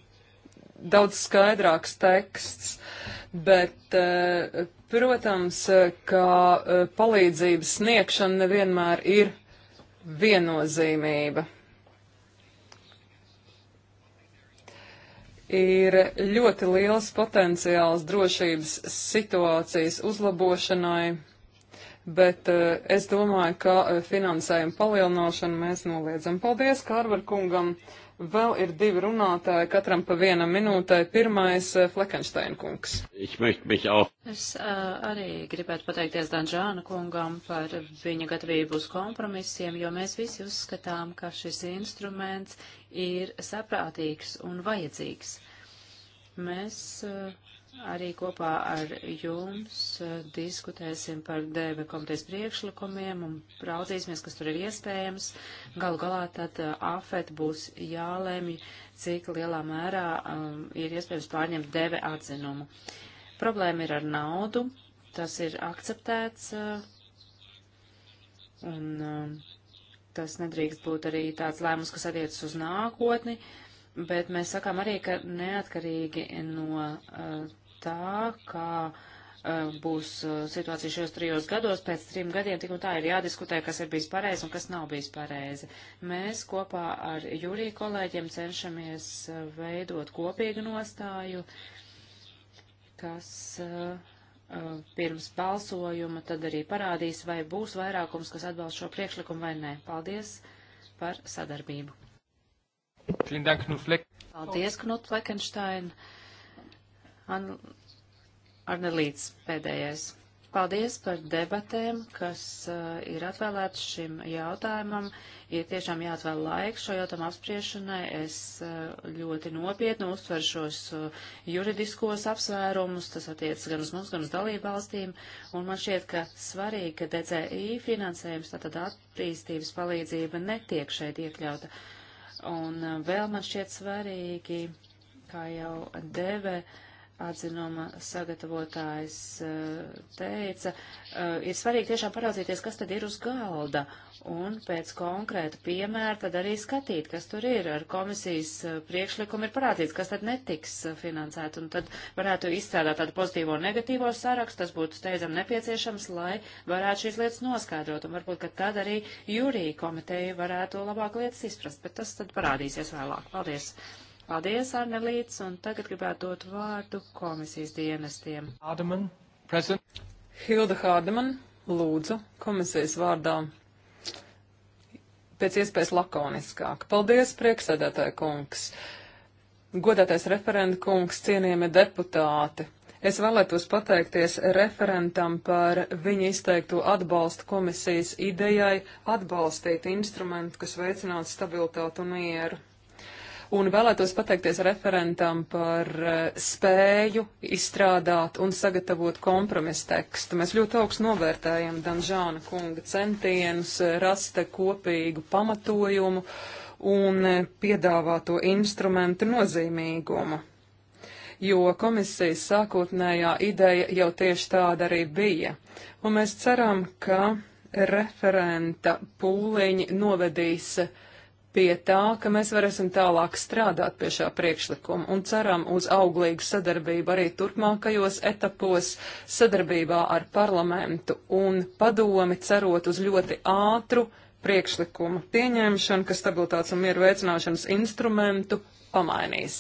S3: daudz skaidrāks teksts, bet, eh, protams, ka eh, palīdzības sniegšana nevienmēr ir viennozīmība. ir ļoti liels potenciāls drošības situācijas uzlabošanai, bet eh, es domāju, ka eh, finansējuma palielināšanu mēs noliedzam. Paldies Kārvar kungam! Vēl ir divi runātāji, katram pa vienam minūtai. Pirmais eh, - Fleckensteina kungs.
S1: Es
S3: arī gribētu pateikties Danžāna kungam par viņa
S2: gatavību uz kompromisiem, jo mēs visi uzskatām, ka šis instruments ir saprātīgs un vajadzīgs. Mēs eh, arī kopā ar jums eh, diskutēsim par DB komitejas priekšlikumiem un raudzīsimies, kas tur ir iespējams. Galu galā tad eh, AFET būs jālēmj, cik lielā mērā um, ir iespējams pārņemt DB atzinumu. Problēma ir ar naudu, tas ir akceptēts. Uh, un, uh, tas nedrīkst būt arī tāds lēmums, kas attiecas uz nākotni, bet mēs sakām arī, ka neatkarīgi no eh, tā, kā eh, būs eh, situācija šajos trijos gados, pēc trim gadiem tik un tā ir jādiskutē, kas ir bijis pareizi un kas nav bijis pareizi. Mēs kopā ar jūrī kolēģiem cenšamies veidot kopīgu nostāju, kas uh, Uh, pirms balsojuma, tad arī parādīs, vai būs vairākums, kas atbalsta šo priekšlikumu vai nē. Paldies par sadarbību.
S1: Paldies,
S2: Knut Fleckenstein. An... Arnelīts pēdējais. Paldies par debatēm, kas uh, ir atvēlētas šim jautājumam. Ir tiešām jāatvēl laiks šo jautājumu apspriešanai. Es uh, ļoti nopietni uztveru šos uh, juridiskos apsvērumus, tas attiecas gan uz mums, gan uz dalību valstīm. Un man šķiet, ka svarīgi, ka DCI finansējums, tātad attīstības palīdzība netiek šeit iekļauta. Un uh, vēl man šķiet svarīgi, kā jau deve. Uh, atzinuma sagatavotājs eh, teica, eh, ir svarīgi tiešām paraudzīties, kas tad ir uz galda, un pēc konkrēta piemēra tad arī skatīt, kas tur ir. Ar komisijas eh, priekšlikumu ir parādīts, kas tad netiks finansēt, un tad varētu izstrādāt tādu pozitīvo un negatīvo sarakstu, tas būtu steidzam nepieciešams, lai varētu šīs lietas noskaidrot, un varbūt, ka tad arī jūrī komiteja varētu labāk lietas izprast, bet tas tad parādīsies vēlāk. Paldies! Paldies, Arnelīts, un tagad gribētu dot vārdu komisijas dienestiem.
S3: Hārdeman, prezident. Hilda Hārdeman, lūdzu, komisijas vārdā pēc iespējas lakoniskāk. Paldies, prieksēdētāja kungs. Godātais referenta kungs, cienījami deputāti, Es vēlētos pateikties referentam par viņa izteikto atbalstu komisijas idejai atbalstīt instrumentu, kas veicinātu stabilitātu un mieru un vēlētos pateikties referentam par eh, spēju izstrādāt un sagatavot kompromisu tekstu. Mēs ļoti augstu novērtējam Danžāna kunga centienus eh, rast kopīgu pamatojumu un eh, piedāvāto instrumentu nozīmīgumu. Jo komisijas sākotnējā ideja jau tieši tāda arī bija. Un mēs ceram, ka referenta pūliņi novedīs uh, pie tā, ka mēs varēsim tālāk strādāt pie šā priekšlikuma un ceram uz auglīgu sadarbību arī turpmākajos etapos sadarbībā ar parlamentu un padomi cerot uz ļoti ātru priekšlikumu pieņemšanu, kas stabilitātes un mieru veicināšanas instrumentu pamainīs.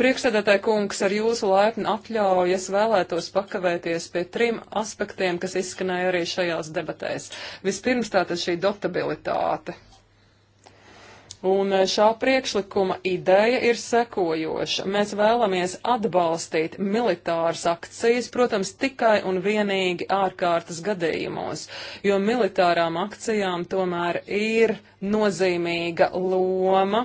S3: Priekšsēdētāji kungs, ar jūsu laipnu atļauju es vēlētos pakavēties pie trim aspektiem, kas izskanēja arī šajās debatēs. Vispirms tātad šī dotabilitāte Un eh, šā priekšlikuma ideja ir sekojoša. Mēs vēlamies atbalstīt militāras akcijas, protams, tikai un vienīgi ārkārtas gadījumos, jo militārām akcijām tomēr ir nozīmīga loma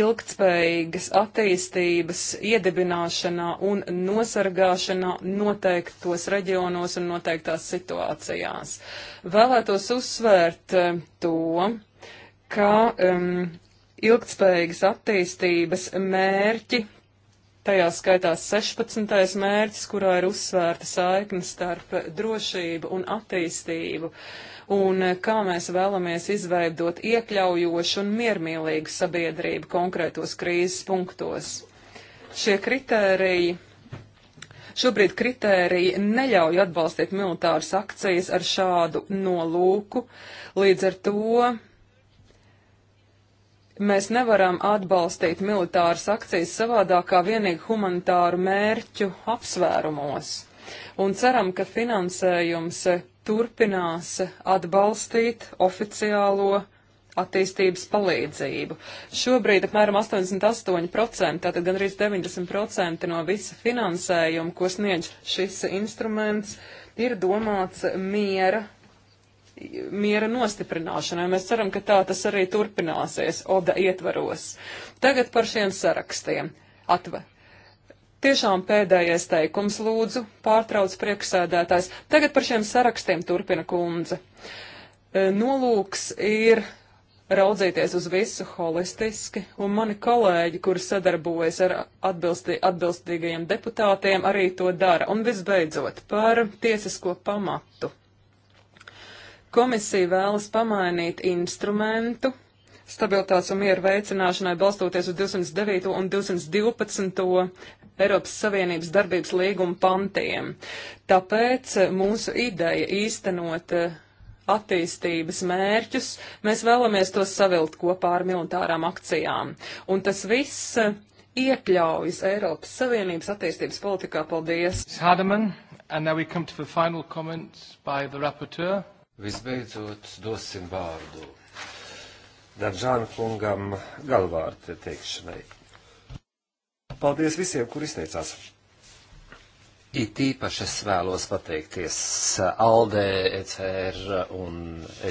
S3: ilgtspējīgas attīstības iedibināšanā un nosargāšanā noteiktos reģionos un noteiktās situācijās. Vēlētos uzsvērt eh, to, ka um, ilgtspējīgas attīstības mērķi, tajā skaitās 16. mērķis, kurā ir uzsvērta saikne starp drošību un attīstību, un kā mēs vēlamies izveidot iekļaujošu un miermīlīgu sabiedrību konkrētos krīzes punktos. Šie kritēriji Šobrīd kritēriji neļauj atbalstīt militāras akcijas ar šādu nolūku, līdz ar to Mēs nevaram atbalstīt militāras akcijas savādāk kā vienīgi humanitāru mērķu apsvērumos. Un ceram, ka finansējums turpinās atbalstīt oficiālo attīstības palīdzību. Šobrīd apmēram 88%, tātad gandrīz 90% no visa finansējuma, ko sniedz šis instruments, ir domāts miera miera nostiprināšanai. Mēs ceram, ka tā tas arī turpināsies ODA ietvaros. Tagad par šiem sarakstiem. Atva. Tiešām pēdējais teikums lūdzu, pārtrauc priekšsēdētājs. Tagad par šiem sarakstiem turpina kundze. E, nolūks ir raudzīties uz visu holistiski, un mani kolēģi, kuri sadarbojas ar atbilstī, atbilstīgajiem deputātiem, arī to dara. Un visbeidzot, par tiesisko pamatu. Komisija vēlas pamainīt instrumentu stabilitātes un miera veicināšanai balstoties uz 209. un 212. Eiropas Savienības darbības līguma pantiem. Tāpēc eh, mūsu ideja īstenot eh, attīstības mērķus, mēs vēlamies tos savilkt kopā ar militārām akcijām. Un tas viss eh, iekļaujas Eiropas Savienības attīstības politikā. Paldies!
S1: Hadaman, and now we come to the final comments by the rapporteur. Visbeidzot, dosim vārdu Daržāna kungam galvārdu teikšanai. Paldies visiem, kur izteicās. It īpaši es vēlos pateikties Aldē, ECR un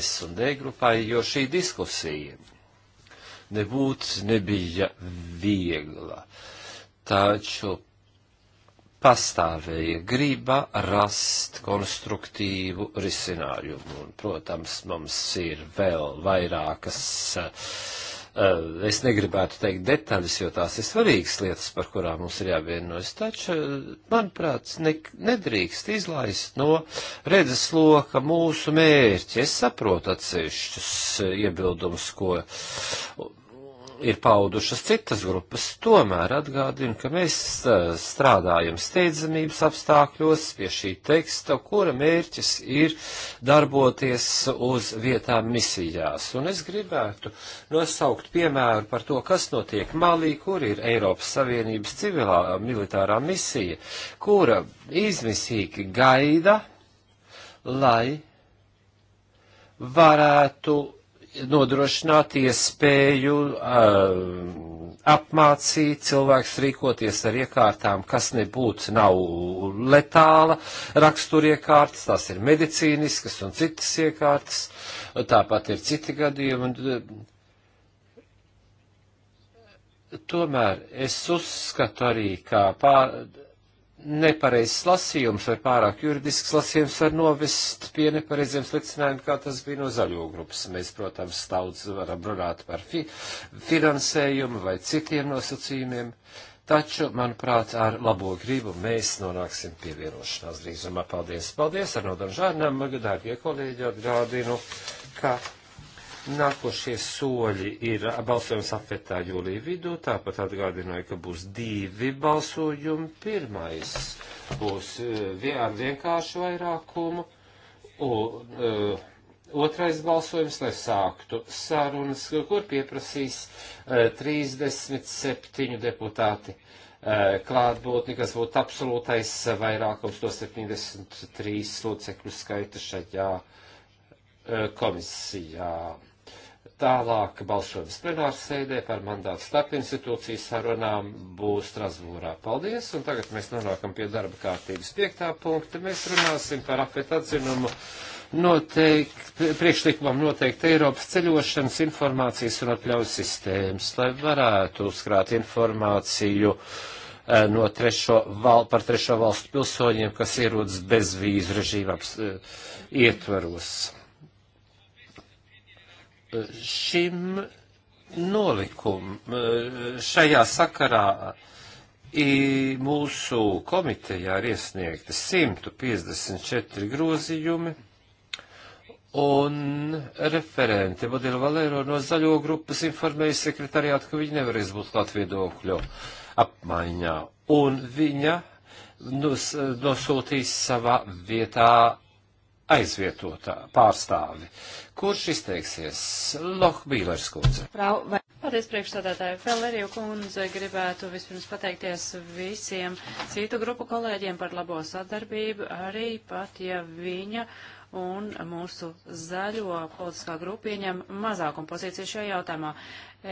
S1: S un D grupai, jo šī diskusija nebūtu nebija viegla. Taču pastāvēja griba rast konstruktīvu risinājumu. Un, protams, mums ir vēl vairākas, eh, es negribētu teikt detaļas, jo tās ir svarīgas lietas, par kurām mums ir jāvienojas, taču, manuprāt, ne, nedrīkst izlaist no redzes loka mūsu mērķi. Es saprotu atsevišķus iebildumus, ko ir paudušas citas grupas, tomēr atgādinu, ka mēs strādājam steidzamības apstākļos pie šī teksta, kura mērķis ir darboties uz vietām misijās. Un es gribētu nosaukt piemēru par to, kas notiek Malī, kur ir Eiropas Savienības civilā militārā misija, kura izmisīgi gaida, lai varētu nodrošināt iespēju uh, apmācīt cilvēks rīkoties ar iekārtām, kas nebūtu nav letāla raksturiekārtas, tās ir medicīniskas un citas iekārtas, tāpat ir citi gadījumi. Uh, tomēr es uzskatu arī, kā pār nepareizs lasījums vai pārāk juridisks lasījums var novest pie nepareiziem secinājumiem, kā tas bija no zaļo grupas. Mēs, protams, daudz varam runāt par fi finansējumu vai citiem nosacījumiem, taču, manuprāt, ar labo gribu mēs nonāksim pie vienošanās drīzumā. Paldies, paldies Arnodam Žārnam, dārgie kolēģi, atgādinu, ka Nākošie soļi ir balsojums apvietā jūlija vidū, tāpat atgādināju, ka būs divi balsojumi. Pirmais būs eh, ar vienkāršu vairākumu, un uh, eh, otrais balsojums, lai sāktu sarunas, kur pieprasīs uh, eh, 37 deputāti uh, klātbūtni, kas būtu absolūtais vairākums to 73 locekļu skaita šajā komisijā. Tālāk balsojums plenārsēdē par mandātu starp institūcijas sarunām būs Strasbūrā. Paldies, un tagad mēs nonākam pie darba kārtības piektā punkta. Mēs runāsim par apet atzinumu noteikt, priekšlikumam noteikti Eiropas ceļošanas informācijas un atļaujas sistēmas, lai varētu uzkrāt informāciju eh, no trešo val, par trešo valstu pilsoņiem, kas ierodas bez vīzu režīmu eh, ietvaros šim nolikum šajā sakarā mūsu komitejā ir iesniegti 154 grozījumi, un referente Bodila Valero no zaļo grupas informēja sekretariātu, ka viņi nevarēs būt klāt viedokļu apmaiņā, un viņa nos, nosūtīs savā vietā aizvietotā pārstāvi, kurš izteiksies Lohbīlers kundze.
S2: Paldies priekšsādātāji. Feleriju kundze gribētu vispirms pateikties visiem citu grupu kolēģiem par labo sadarbību, arī pat ja viņa un mūsu zaļo politiskā grupa ieņem mazākumu pozīciju šajā jautājumā.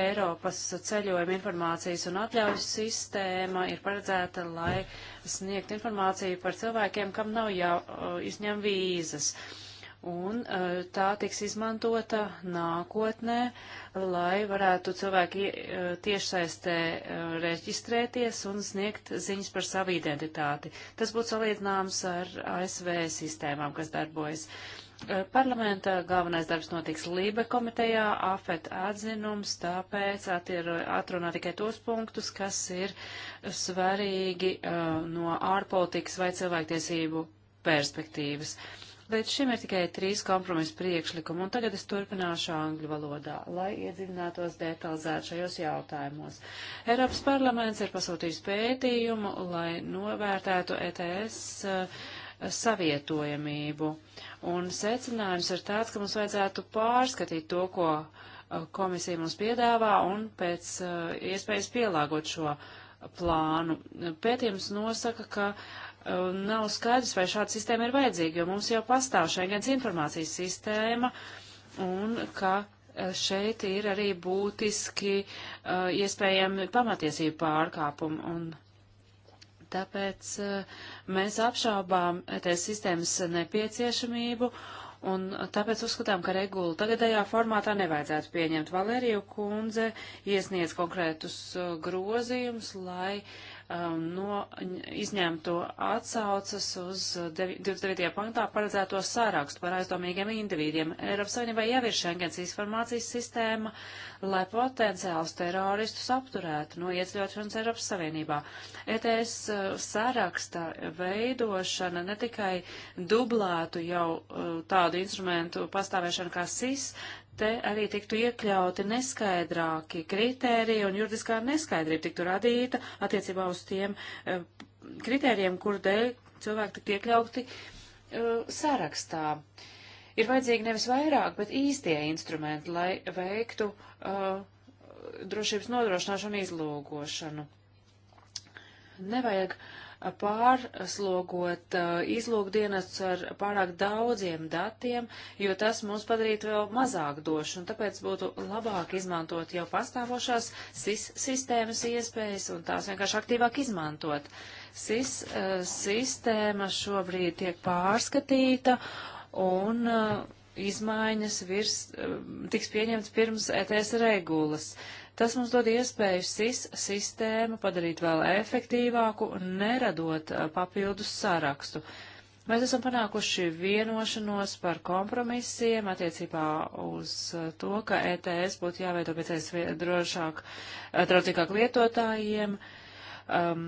S2: Eiropas ceļojuma informācijas un atļaujas sistēma ir paredzēta, lai sniegt informāciju par cilvēkiem, kam nav jau uh, izņem vīzas. Uh, un e, tā tiks izmantota nākotnē, lai varētu cilvēki e, tiešsaistē e, reģistrēties un sniegt ziņas par savu identitāti. Tas būtu salīdzināms ar ASV sistēmām, kas darbojas. Parlamenta galvenais darbs notiks Lībe komitejā, AFET atzinums, tāpēc atrunā tikai tos punktus, kas ir svarīgi uh, no ārpolitikas vai cilvēktiesību perspektīvas. Uh, bet šim ir tikai trīs kompromisu priekšlikumi, un tagad es turpināšu angļu valodā, lai iedziļinātos detalizēt šajos jautājumos. Eiropas parlaments ir pasūtījis pētījumu, lai novērtētu ETS uh, eh, savietojamību, un secinājums ir tāds, ka mums vajadzētu pārskatīt to, ko uh, komisija mums piedāvā, un pēc uh, iespējas pielāgot šo plānu. Pētījums nosaka, ka nav skaidrs, vai šāda sistēma ir vajadzīga, jo mums jau pastāv Schengens informācijas sistēma un ka e, šeit ir arī būtiski uh, iespējami pamatiesību pārkāpumi. Un tāpēc uh, mēs apšaubām ETS sistēmas nepieciešamību. Un tāpēc uzskatām, ka regulu tagadējā formātā nevajadzētu pieņemt. Valēriju kundze iesniedz konkrētus uh, grozījumus, lai uh, Um, no, izņemtu atsaucas uz 29. pantā paredzēto sārakstu par aizdomīgiem indivīdiem. Eiropas Savienībā jau ir Schengens informācijas sistēma, lai potenciāls teroristus apturētu no ieceļošanas Eiropas Savienībā. ETS uh, sāraksta veidošana ne tikai dublētu jau uh, tādu instrumentu pastāvēšanu kā SIS, te arī tiktu iekļauti neskaidrāki kritēriji un juridiskā neskaidrība tiktu radīta attiecībā uz tiem uh, kritērijiem, kur dēļ cilvēki tiktu iekļauti uh, sarakstā. Ir vajadzīgi nevis vairāk, bet īstie instrumenti, lai veiktu uh, drošības nodrošināšanu izlūgošanu. Nevajag uh, pārslogot izlūkdienests ar pārāk daudziem datiem, jo tas mūs padarītu vēl mazāk došu, un tāpēc būtu labāk izmantot jau pastāvošās SIS sistēmas iespējas un tās vienkārši aktīvāk izmantot. SIS sistēma šobrīd tiek pārskatīta un izmaiņas virs, tiks pieņemts pirms ETS regulas. Tas mums dod iespēju SIS sistēmu padarīt vēl efektīvāku, neradot papildus sarakstu. Mēs esam panākuši vienošanos par kompromisiem attiecībā uz to, ka ETS būtu jāveido pēc iespējas drošāk, draudzīgāk lietotājiem, um,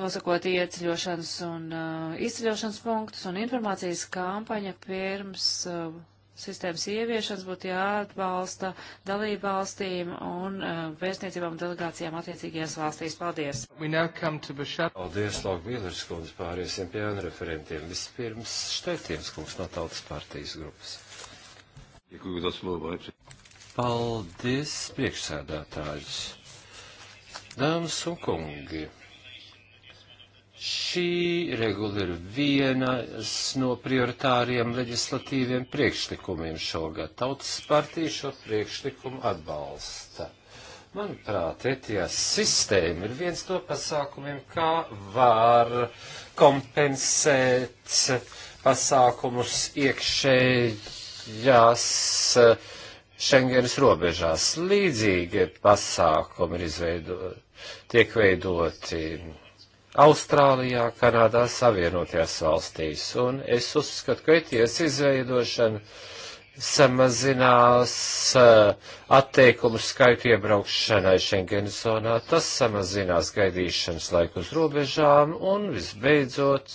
S2: nosakot ieceļošanas un uh, izceļošanas punktus un informācijas kampaņa pirms uh, sistēmas ieviešanas būtu jāatbalsta dalībvalstīm un uh, vēstniecībām un delegācijām attiecīgajās valstīs. Paldies!
S1: Paldies, Lāk Vīlers kundze, pāriesim pie referentiem. Vispirms Štetiems kungs no Tautas partijas grupas. Paldies, priekšsēdētājs! Dāmas un kungi! Šī regula ir vienas no prioritāriem leģislatīviem priekšlikumiem šogad. Tautas partija šo priekšlikumu atbalsta. Manuprāt, ETIAS sistēma ir viens no pasākumiem, kā var kompensēt pasākumus iekšējās eh, Schengenas robežās. Līdzīgi pasākumi ir izveido, tiek veidoti Austrālijā, Kanādā, Savienotajās valstīs. Un es uzskatu, ka ETS izveidošana samazinās eh, atteikumu skaitu iebraukšanai Schengen zonā, tas samazinās gaidīšanas laiku uz robežām un visbeidzot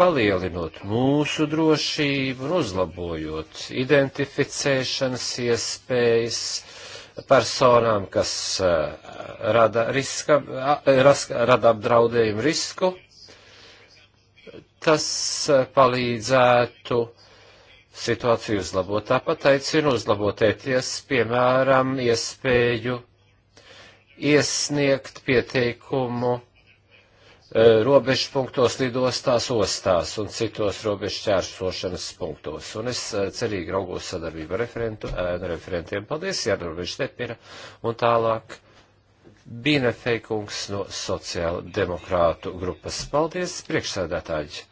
S1: palielinot mūsu drošību un uzlabojot identificēšanas iespējas, personām, kas eh, rada, riska, rada apdraudējumu risku. Tas eh, palīdzētu situāciju uzlabot. Tāpat aicinu uzlabotēties, piemēram, iespēju iesniegt pieteikumu Eh, robežu punktos, lidostās, ostās un citos robežu čērsošanas punktos. Un es eh, cerīgi raugos sadarbību ar referentu, referentiem. Paldies, Jānorveģis Tepina un tālāk. Bīne Feikungs no sociāla demokrātu grupas. Paldies, priekšsēdētāji.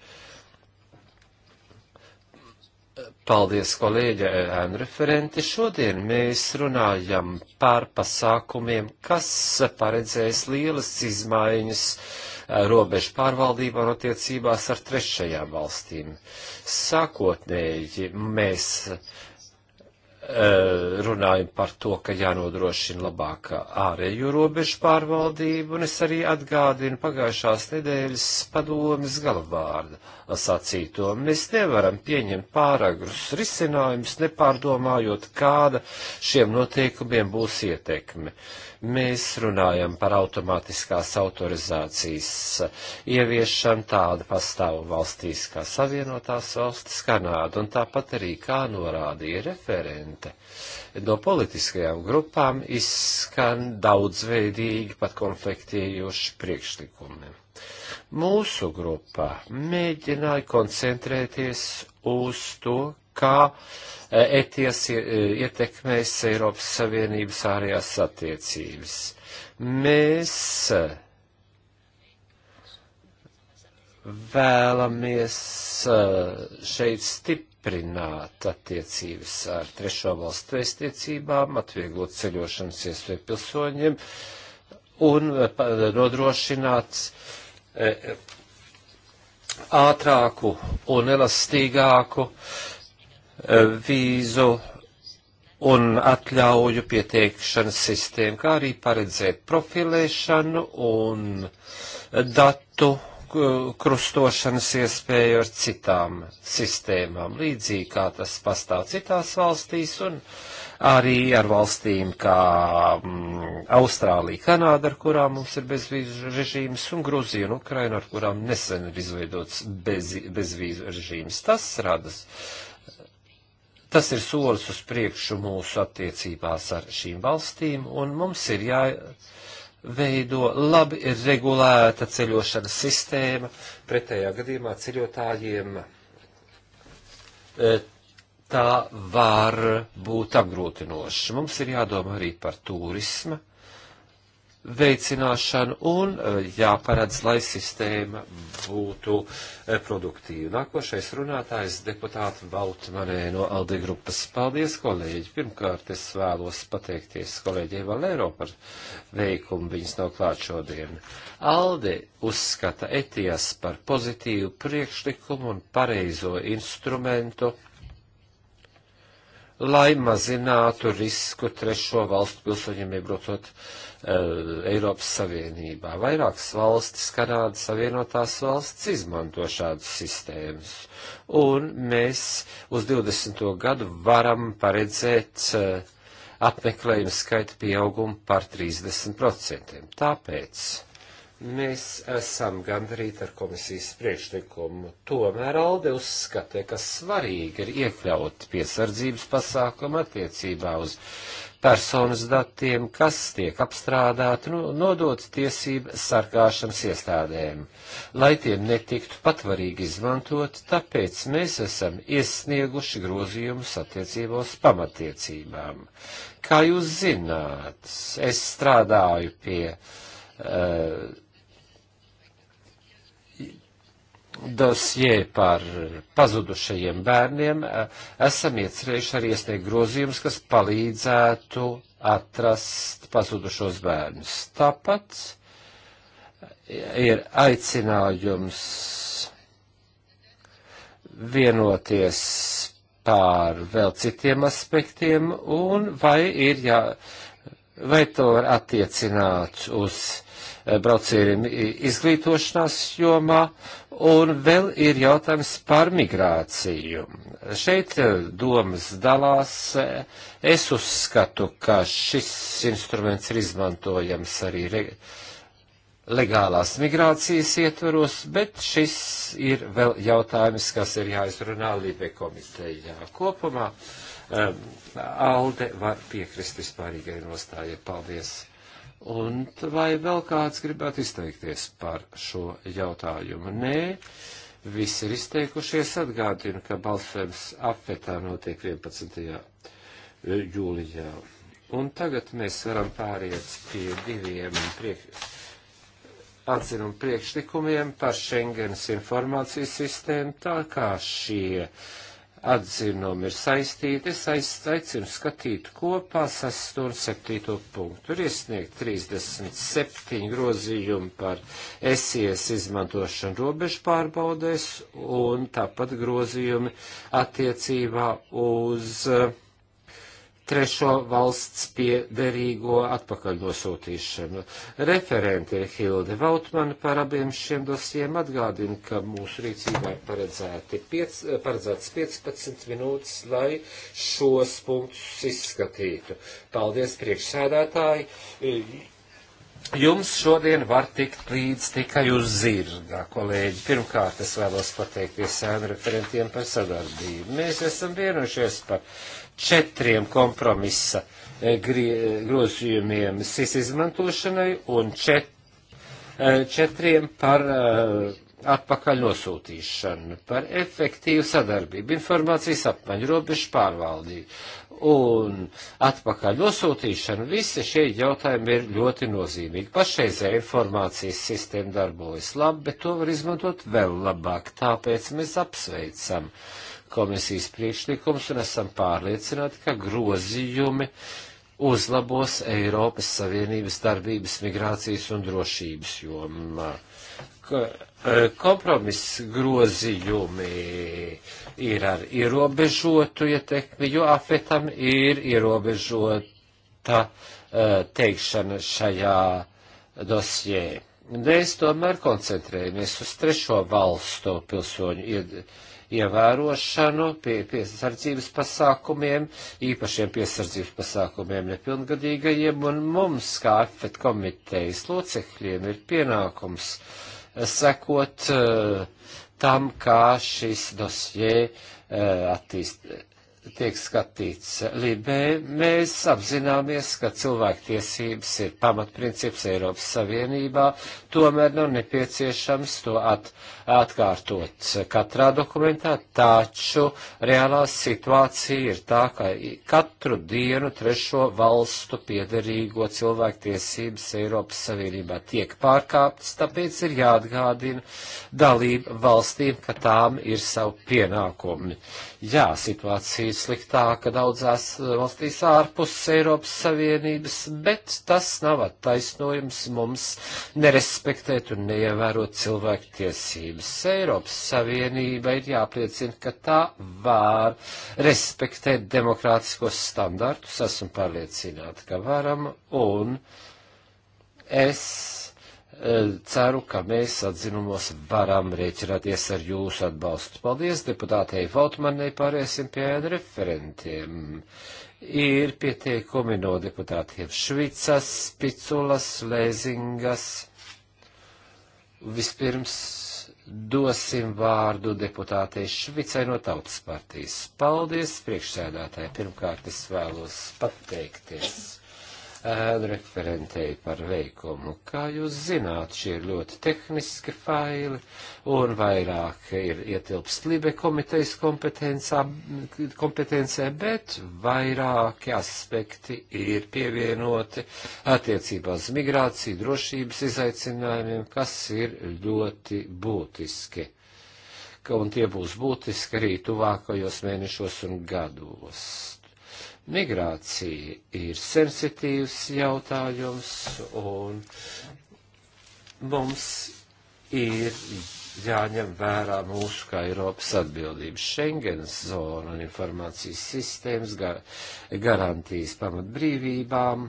S1: Paldies, kolēģi un referenti. Šodien mēs runājam par pasākumiem, kas paredzēs lielas izmaiņas uh, robežu pārvaldībā un attiecībās ar trešajām valstīm. Sākotnēji mēs e, runājam par to, ka jānodrošina labāka ārēju robežu pārvaldība, un es arī atgādinu pagājušās nedēļas padomas galvārdu sacīto. Mēs nevaram pieņemt pāragrus risinājumus, nepārdomājot, kāda šiem noteikumiem būs ietekme. Uh, mēs runājam par automātiskās autorizācijas ieviešanu, tāda pastāv valstīs kā Savienotās valstis, Kanāda, un tāpat arī, kā norādīja referente, no politiskajām grupām izskan daudzveidīgi, pat konfliktējoši priekšlikumi. Mūsu grupā mēģināja koncentrēties uz to, kā ETIAS e e, ietekmēs Eiropas Savienības ārējās attiecības. Mēs e, vēlamies šeit stiprināt attiecības ar trešo valstu vēstniecībām, atvieglot ceļošanas iespēju pilsoņiem un nodrošināt ātrāku un elastīgāku uh, Eh, vīzu un atļauju pieteikšanas sistēmu, kā arī paredzēt profilēšanu un datu eh, krustošanas iespēju ar citām sistēmām, līdzīgi kā tas pastāv citās valstīs un arī ar valstīm kā mm, Austrālija, Kanāda, ar kurām mums ir bezvīzu režīms, un Gruzija un Ukraina, ar kurām nesen ir izveidots bez, bezvīzu režīms. Tas radas Tas ir solis uz priekšu mūsu attiecībās ar šīm valstīm, un mums ir jāveido labi regulēta ceļošanas sistēma, pretējā gadījumā ceļotājiem e, tā var būt apgrūtinoša. Mums ir jādomā arī par turisma veicināšanu un eh, jāparedz, lai sistēma būtu eh, produktīva. Nākošais runātājs deputāta Baltmanē no Aldi grupas. Paldies, kolēģi! Pirmkārt, es vēlos pateikties kolēģiem Valēro par veikumu, viņas nav klāt šodien. Aldi uzskata Etijas par pozitīvu priekšlikumu un pareizo instrumentu lai mazinātu risku trešo valstu pilsoņiem iebrucot uh, Eiropas Savienībā. Vairākas valstis, Kanādas Savienotās valsts, izmanto šādas sistēmas. Un mēs uz 20. gadu varam paredzēt uh, apmeklējumu skaita pieaugumu par 30%. Tāpēc Mēs esam gandrīt ar komisijas priekšlikumu. Tomēr Alde uzskata, ka svarīgi ir iekļaut piesardzības pasākumu attiecībā uz personas datiem, kas tiek apstrādāti, nu, nodot tiesību sargāšanas iestādēm, lai tiem netiktu patvarīgi izmantot, tāpēc mēs esam iesnieguši grozījumus attiecībos pamatiecībām. Kā jūs zināt, es strādāju pie uh, dosjē par pazudušajiem bērniem e, esam iecerējuši arī iesniegt grozījumus, kas palīdzētu atrast pazudušos bērnus. Tāpat ir aicinājums vienoties pār vēl citiem aspektiem un vai ir jā, vai to var attiecināt uz e, braucējiem izglītošanās jomā Un vēl ir jautājums par migrāciju. Šeit eh, domas dalās. Es uzskatu, ka šis instruments ir izmantojams arī legālās migrācijas ietvaros, bet šis ir vēl jautājums, kas ir jāizrunā Lībe komitejā. Kopumā um, Alde var piekrist vispārīgai nostājai. Paldies! Un vai vēl kāds gribētu izteikties par šo jautājumu? Nē, visi ir izteikušies. Atgādinu, ka balsojums apetā notiek 11. Eh, jūlijā. Un tagad mēs varam pāriet pie diviem priek atzinumu priekšlikumiem par Schengenas informācijas sistēmu, tā kā šie uh, atzinumi ir saistīti. Es aicinu skatīt kopā 6. un 7. punktu. Ir iesniegt 37 grozījumi par esies izmantošanu robežu pārbaudēs un tāpat grozījumi attiecībā uz uh, trešo valsts piederīgo atpakaļnosūtīšanu. Referente ir Hilde Vautmane par abiem šiem dosiem atgādina, ka mūsu rīcībā ir paredzēti piec, paredzēts 15 minūtes, lai šos punktus izskatītu. Paldies, priekšsēdētāji! Jums šodien var tikt līdz tikai uz zirga, kolēģi. Pirmkārt, es vēlos pateikties sēnu referentiem par sadarbību. Mēs esam vienojušies par četriem kompromisa eh, eh, grozījumiem SIS izmantošanai un čet, eh, četriem par atpakaļ nosūtīšanu, par efektīvu sadarbību, informācijas apmaiņu, robežu pārvaldību un atpakaļ nosūtīšanu. Visi šie jautājumi ir ļoti nozīmīgi. Pašreizē informācijas sistēma darbojas labi, bet to var izmantot vēl labāk, tāpēc mēs apsveicam uh, komisijas priekšlikums un esam pārliecināti, ka grozījumi uzlabos Eiropas Savienības darbības migrācijas un drošības jomā. E, Kompromiss grozījumi ir ar ierobežotu ietekmi, jo afetam ir ierobežota e, teikšana šajā dosjē. Mēs tomēr koncentrējamies uz trešo valstu pilsoņu iedzīvotāju ievērošanu, pie piesardzības pasākumiem, īpašiem piesardzības pasākumiem nepilngadīgajiem, un mums, kā AFET komitejas locekļiem, ir pienākums sekot uh, tam, kā šis dosjē uh, eh, attīst, tiek skatīts Libē, mēs apzināmies, ka cilvēktiesības ir pamatprincips Eiropas Savienībā, tomēr nav nepieciešams to at, atkārtot katrā dokumentā, taču reālā situācija ir tā, ka katru dienu trešo valstu piederīgo cilvēktiesības Eiropas Savienībā tiek pārkāptas, tāpēc ir jāatgādina dalību valstīm, ka tām ir savu pienākumi Jā, situācija ir sliktāka daudzās eh, valstīs ārpus Eiropas Savienības, bet tas nav attaisnojums mums nerespektēt un neievērot cilvēku tiesības. Eiropas Savienība ir jāpliecina, ka tā var respektēt demokrātiskos standartus, esmu pārliecināta, ka varam, un es Eh, ceru, ka mēs atzinumos varam rēķināties ar jūsu atbalstu. Paldies deputātei Vautmanai, pāriesim pie referentiem. Ir pieteikumi no deputātiem Švicas, Piculas, Lēzingas. Vispirms dosim vārdu deputātei Švicai no Tautas partijas. Paldies, priekšsēdētāji. Pirmkārt, es vēlos pateikties referentei par veikumu. Kā jūs zināt, šie ir ļoti tehniski faili un vairāk ir ietilpst Libe komitejas kompetencē, bet vairāki aspekti ir pievienoti attiecībā uz migrāciju, drošības izaicinājumiem, kas ir ļoti būtiski un tie būs būtiski arī tuvākajos mēnešos un gados. Migrācija ir sensitīvs jautājums, un mums ir jāņem vērā mūsu kā Eiropas atbildības Schengens zona un informācijas sistēmas gar garantijas pamatbrīvībām. brīvībām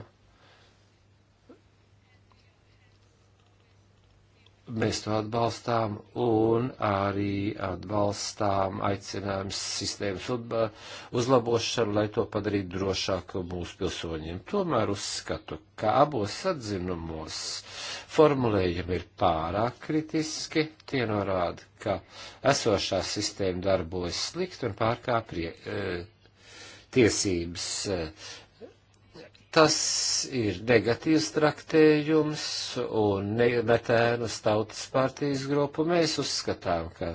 S1: Mēs to atbalstām un arī atbalstām aicinājums sistēmas uzlabošanu, lai to padarītu drošāku mūsu pilsoņiem. Tomēr uzskatu, ka abos atzinumos formulējumi ir pārāk kritiski. Tie norāda, ka esošā sistēma darbojas slikti un pārkāpj e, tiesības. Eh, Tas ir negatīvs traktējums un metēnas tautas partijas grupu. Mēs uzskatām, ka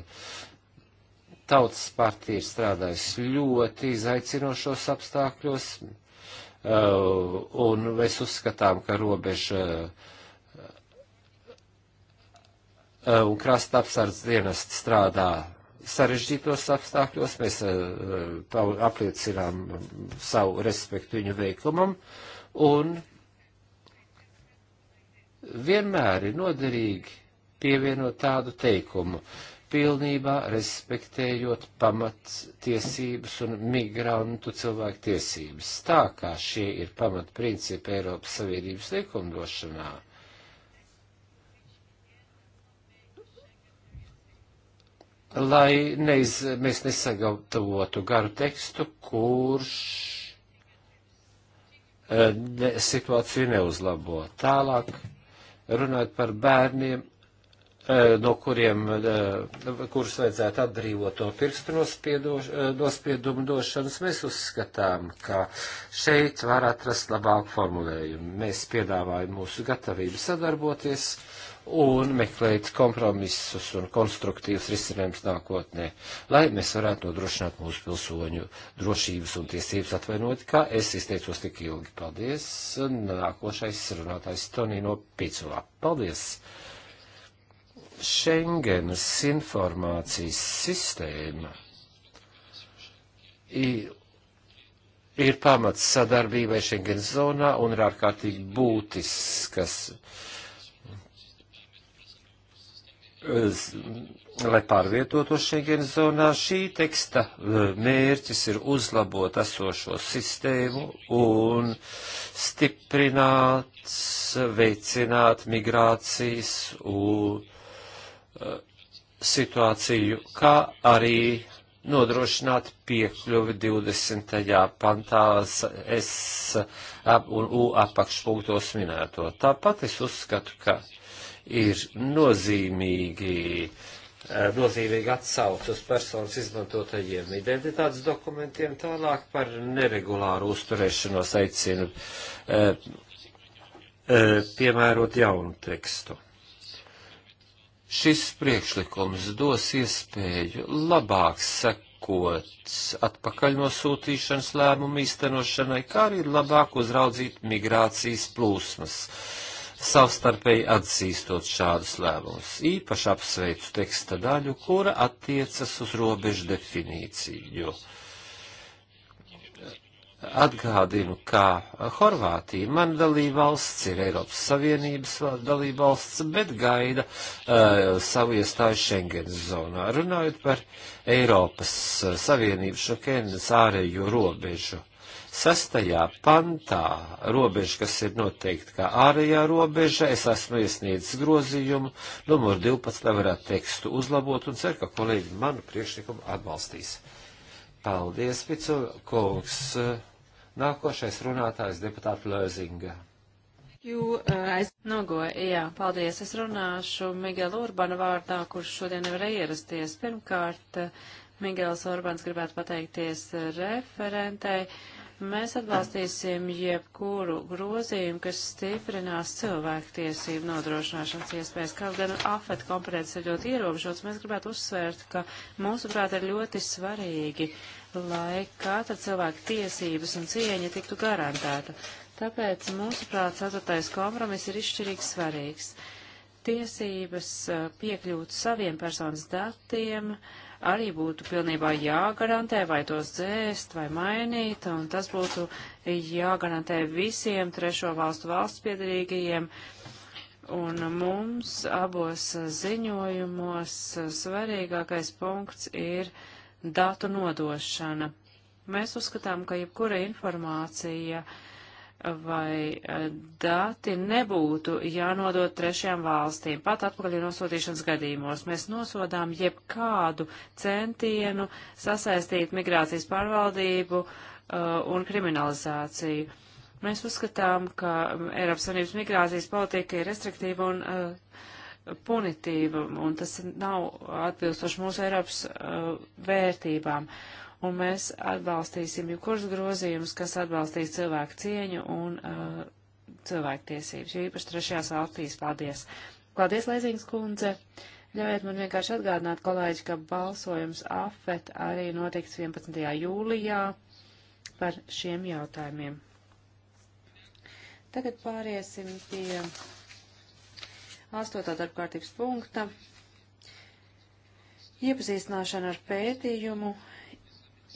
S1: tautas partija ir strādājusi ļoti izaicinošos apstākļos, uh, un mēs uzskatām, ka robeža uh, un krasta apsardz dienests strādā sarežģītos apstākļos, mēs eh, apliecinām savu respektu viņu veiklumam, un vienmēr ir noderīgi pievienot tādu teikumu, pilnībā respektējot pamattiesības un migrantu cilvēku tiesības. Tā kā šie ir pamatprincipi Eiropas Savienības likumdošanā, lai neiz, mēs nesagatavotu garu tekstu, kurš eh, ne, situāciju neuzlabo. Tālāk runāt par bērniem, eh, no kuriem, eh, kurus vajadzētu atbrīvot no pirkstu nospiedumu došanas, mēs uzskatām, ka šeit var atrast labāku formulējumu. Mēs piedāvājam mūsu gatavību sadarboties un meklēt kompromisus un konstruktīvus risinājumus nākotnē, lai mēs varētu nodrošināt mūsu pilsoņu drošības un tiesības atvainot, kā es izteicos tik ilgi. Paldies! Nākošais runātājs Tonino Picovā. Paldies! Schengenas informācijas sistēma ir pamats sadarbībai Schengen zonā un ir ārkārtīgi būtisks, kas lai pārvietotos Schengen zonā. Šī teksta e, mērķis ir uzlabot esošo sistēmu un stiprināt, veicināt migrācijas un e, situāciju, kā arī nodrošināt piekļuvi 20. pantās S un U apakšpunktos minēto. Tāpat es uzskatu, ka ir nozīmīgi, eh, nozīmīgi atsauc uz personas izmantotajiem identitātes dokumentiem, tālāk par neregulāru uzturēšanos aicinu eh, eh, piemērot jaunu tekstu. Šis priekšlikums dos iespēju labāk sekot sekots atpakaļ nosūtīšanas lēmumu īstenošanai, kā arī labāk uzraudzīt migrācijas plūsmas, savstarpēji atzīstot šādus lēmumus. Īpaši apsveicu teksta daļu, kura attiecas uz robežu definīciju. Atgādinu, ka Horvātija man dalībvalsts ir Eiropas Savienības dalībvalsts, bet gaida uh, savu iestāju Schengenas zonā. Runājot par Eiropas Savienību šokēnas ārējo robežu. Uh, Sastajā pantā robeža, kas ir noteikti kā ārējā robeža, es esmu iesniedzis grozījumu, numur 12, lai varētu tekstu uzlabot un ceru, ka kolēģi manu priekšlikumu atbalstīs. Paldies, Picu kungs. Nākošais runātājs deputāta Lēzinga.
S2: Jū, es nogoju, jā, paldies. Es runāšu Miguelu Urbanu vārdā, kurš šodien nevarēja ierasties. Pirmkārt, Miguels Orbans gribētu pateikties referentei Mēs atbalstīsim jebkuru grozījumu, kas stiprinās cilvēktiesību nodrošināšanas iespējas. Kaut gan afet kompetences ir ļoti ierobežotas, mēs gribētu uzsvērt, ka mūsuprāt ir ļoti svarīgi, lai katra cilvēka tiesības un cieņa tiktu garantēta. Tāpēc, mūsuprāt, ceturtais kompromiss ir izšķirīgi svarīgs. Tiesības eh, piekļūt saviem personas datiem, uh, arī būtu pilnībā jāgarantē, vai tos dzēst, vai mainīt, un tas būtu jāgarantē visiem trešo valstu valsts piedarīgajiem. Un mums abos ziņojumos svarīgākais punkts ir datu nodošana. Mēs uzskatām, ka jebkura informācija uh, vai eh, dati nebūtu jānodot trešajām valstīm, pat atpakaļ nosūtīšanas gadījumos. Mēs nosodām jebkādu centienu sasaistīt migrācijas pārvaldību uh, un kriminalizāciju. Mēs uzskatām, ka mm, Eiropas Savienības migrācijas politika ir restriktīva un uh, punitīva, un tas nav atbilstoši mūsu Eiropas uh, vērtībām. Uh, un mēs atbalstīsim jebkurus grozījumus, kas atbalstīs cilvēku cieņu un uh, cilvēktiesības, jo īpaši trešajās valstīs. Paldies! Paldies, Leizīgas kundze! Ļaujiet man vienkārši atgādināt, kolēģi, ka balsojums AFET arī notiks 11. jūlijā par šiem jautājumiem. Tagad pāriesim pie 8. darbkārtības punkta. Iepazīstināšana ar pētījumu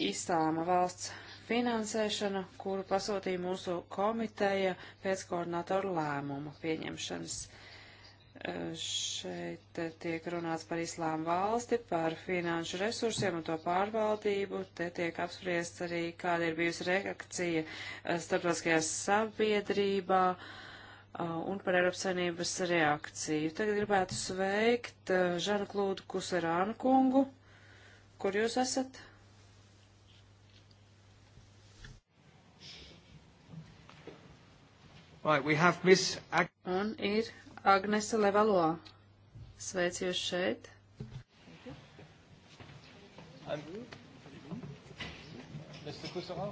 S2: islāma valsts finansēšanu, kuru pasūtīja mūsu komiteja pēc koordinatoru lēmuma pieņemšanas. Šeit tiek runāts par islāma valsti, par finanšu resursiem un to pārvaldību. Te tiek apspriests arī, kāda ir bijusi reakcija starptautiskajā sabiedrībā un par Eiropas Savienības reakciju. Tagad gribētu sveikt Žanu Klūdu Kuserānu kungu. Kur jūs esat?
S3: Right, we have Miss Ag Un
S2: ir Agnese Levalo. Sveic jūs šeit.
S1: Um, Mr. Kusara,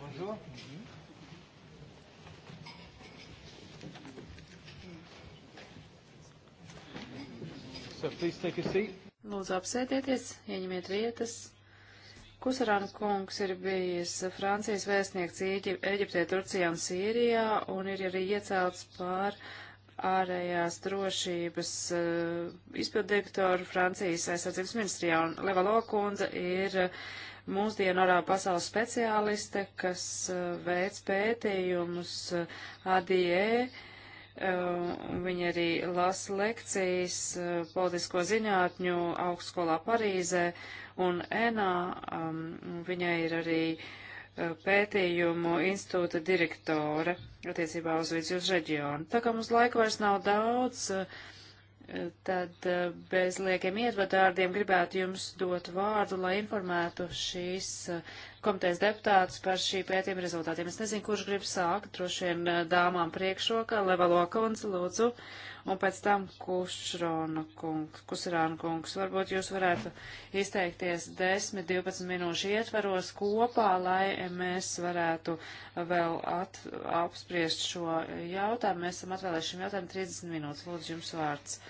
S1: bonjour.
S3: So please take a seat.
S2: Lūdzu, apsēdieties, ieņemiet vietas. Kusarana kungs ir bijis Francijas vēstnieks Eģiptē, Turcijā un Sīrijā un ir arī iecelts pār ārējās drošības uh, eh, izpildirektoru Francijas aizsardzības ministrijā. Un Leva Lokundze ir mūsdienu arā pasaules speciāliste, kas uh, veic pētījumus uh, eh, ADE. Viņa arī lasa lekcijas politisko zinātņu augstskolā Parīzē un Enā um, viņai ir arī uh, pētījumu institūta direktore attiecībā uz vidus reģionu. Tā kā mums laika vairs nav daudz, uh, tad uh, bez liekiem iedvadārdiem gribētu jums dot vārdu, lai informētu šīs komitejas deputātus par šī pētījuma rezultātiem. Es nezinu, kurš grib sākt, droši vien dāmām priekšrokā, Levalo kundze, lūdzu. Uh, un pēc tam Kusrona kungs, Kusrāna kungs. Varbūt jūs varētu izteikties 10-12 minūšu ietvaros kopā, lai mēs varētu vēl at, apspriest šo jautājumu. Mēs esam atvēlējuši šim jautājumam 30 minūtes. Lūdzu, jums vārds.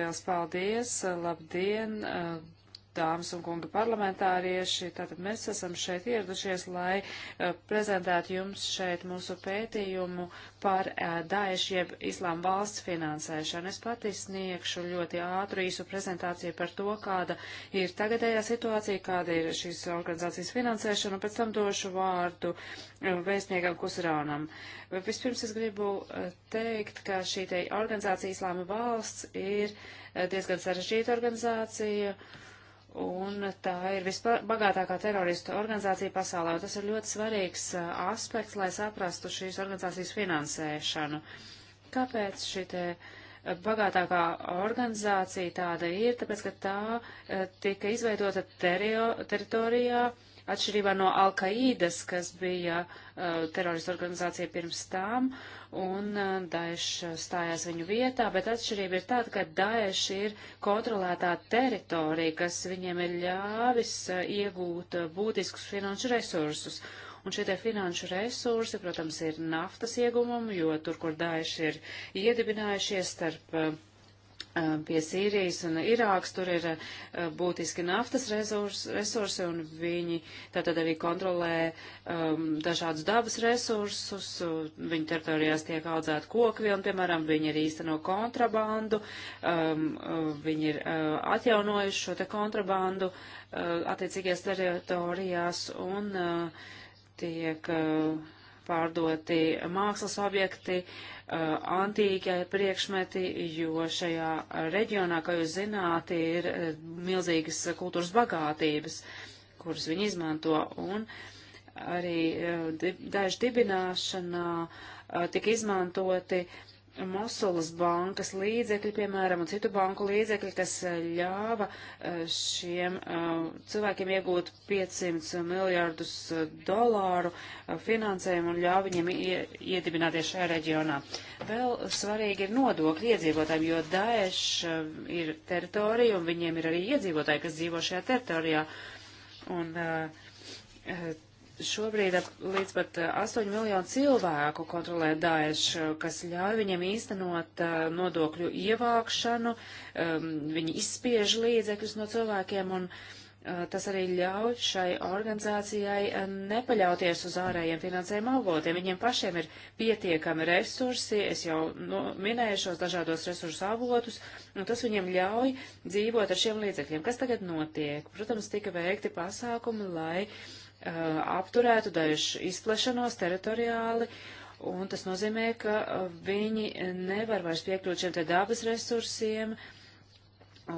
S2: Liels paldies, labdien! Uh, dāmas un kungi parlamentārieši, tātad mēs esam šeit ieradušies, lai uh, prezentētu jums šeit mūsu pētījumu par uh, eh, Daešu jeb Islām valsts finansēšanu. Es pati sniegšu ļoti ātru īsu prezentāciju par to, kāda ir tagadējā situācija, kāda ir šīs organizācijas finansēšana, un pēc tam došu vārdu uh, vēstniekam Kusrānam. Vispirms es gribu teikt, ka šī te organizācija Islāma valsts ir diezgan sarežģīta organizācija. Uh, Un tā ir visbagātākā teroristu organizācija pasaulē, un tas ir ļoti svarīgs aspekts, lai saprastu šīs organizācijas finansēšanu. Kāpēc šī te bagātākā organizācija tāda ir? Tāpēc, ka tā tika izveidota terio, teritorijā, uh, atšķirībā no Al-Qaidas, kas bija uh, terorista organizācija pirms tām, un uh, Daesh uh, stājās viņu vietā, bet atšķirība ir tāda, ka Daesh ir kontrolētā teritorija, kas viņiem ir ļāvis uh, iegūt uh, būtiskus finanšu resursus. Un šie te finanšu resursi, protams, ir naftas iegumumi, jo tur, kur Daesh ir iedibinājušies starp uh, pie Sīrijas un Irāks, tur ir būtiski naftas resursi, un viņi tātad arī kontrolē um, dažādus dabas resursus, viņu teritorijās tiek audzēta kokvi, un, piemēram, viņi ir īsteno kontrabandu, um, viņi ir uh, atjaunojuši šo te kontrabandu uh, attiecīgajās teritorijās, un uh, tiek. Uh, pārdoti mākslas objekti, eh, antīkie priekšmeti, jo šajā reģionā, kā jūs zināt, ir eh, milzīgas kultūras bagātības, kuras viņi izmanto. Un arī eh, daži dibināšanā tika izmantoti uh, Mosulas bankas līdzekļi, piemēram, un citu banku līdzekļi, kas eh, ļāva eh, šiem eh, cilvēkiem iegūt 500 miljārdus dolāru finansējumu un ļāva viņiem iedibināties šajā reģionā. Vēl svarīgi ir nodokļi iedzīvotājiem, jo Daesh ir teritorija un viņiem ir arī iedzīvotāji, kas dzīvo šajā teritorijā. Un, uh, šobrīd ap, līdz pat 8 miljonu cilvēku kontrolē Daesh, kas ļauj viņiem īstenot nodokļu ievākšanu, um, viņi izspiež līdzekļus no cilvēkiem un uh, Tas arī ļauj šai organizācijai nepaļauties uz ārējiem finansējuma avotiem. Viņiem pašiem ir pietiekami resursi, es jau nu, minēju šos dažādos resursu avotus, un tas viņiem ļauj dzīvot ar šiem līdzekļiem. Kas tagad notiek? Protams, tika veikti pasākumi, lai uh, Uh, apturētu daļu izplešanos teritoriāli, un tas nozīmē, ka uh, viņi nevar vairs piekļūt šiem te dabas resursiem,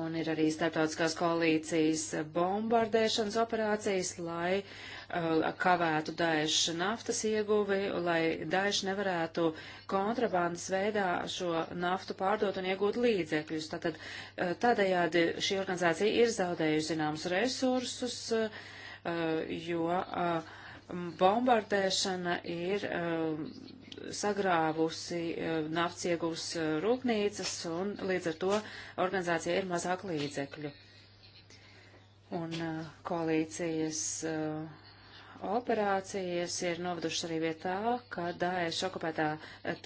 S2: un ir arī starptautiskās koalīcijas bombardēšanas operācijas, lai uh, kavētu Daešu naftas ieguvi, lai Daešu nevarētu kontrabandas veidā šo naftu pārdot un iegūt līdzekļus. Tātad uh, tādējādi šī organizācija ir zaudējusi zināmus resursus, uh, Eh, jo eh, bombardēšana ir eh, sagrāvusi nafts iegūs rūpnīcas, un līdz ar to organizācija ir mazāk līdzekļu. Un koalīcijas uh, operācijas ir novadušas arī pie tā, ka Daesh okupētā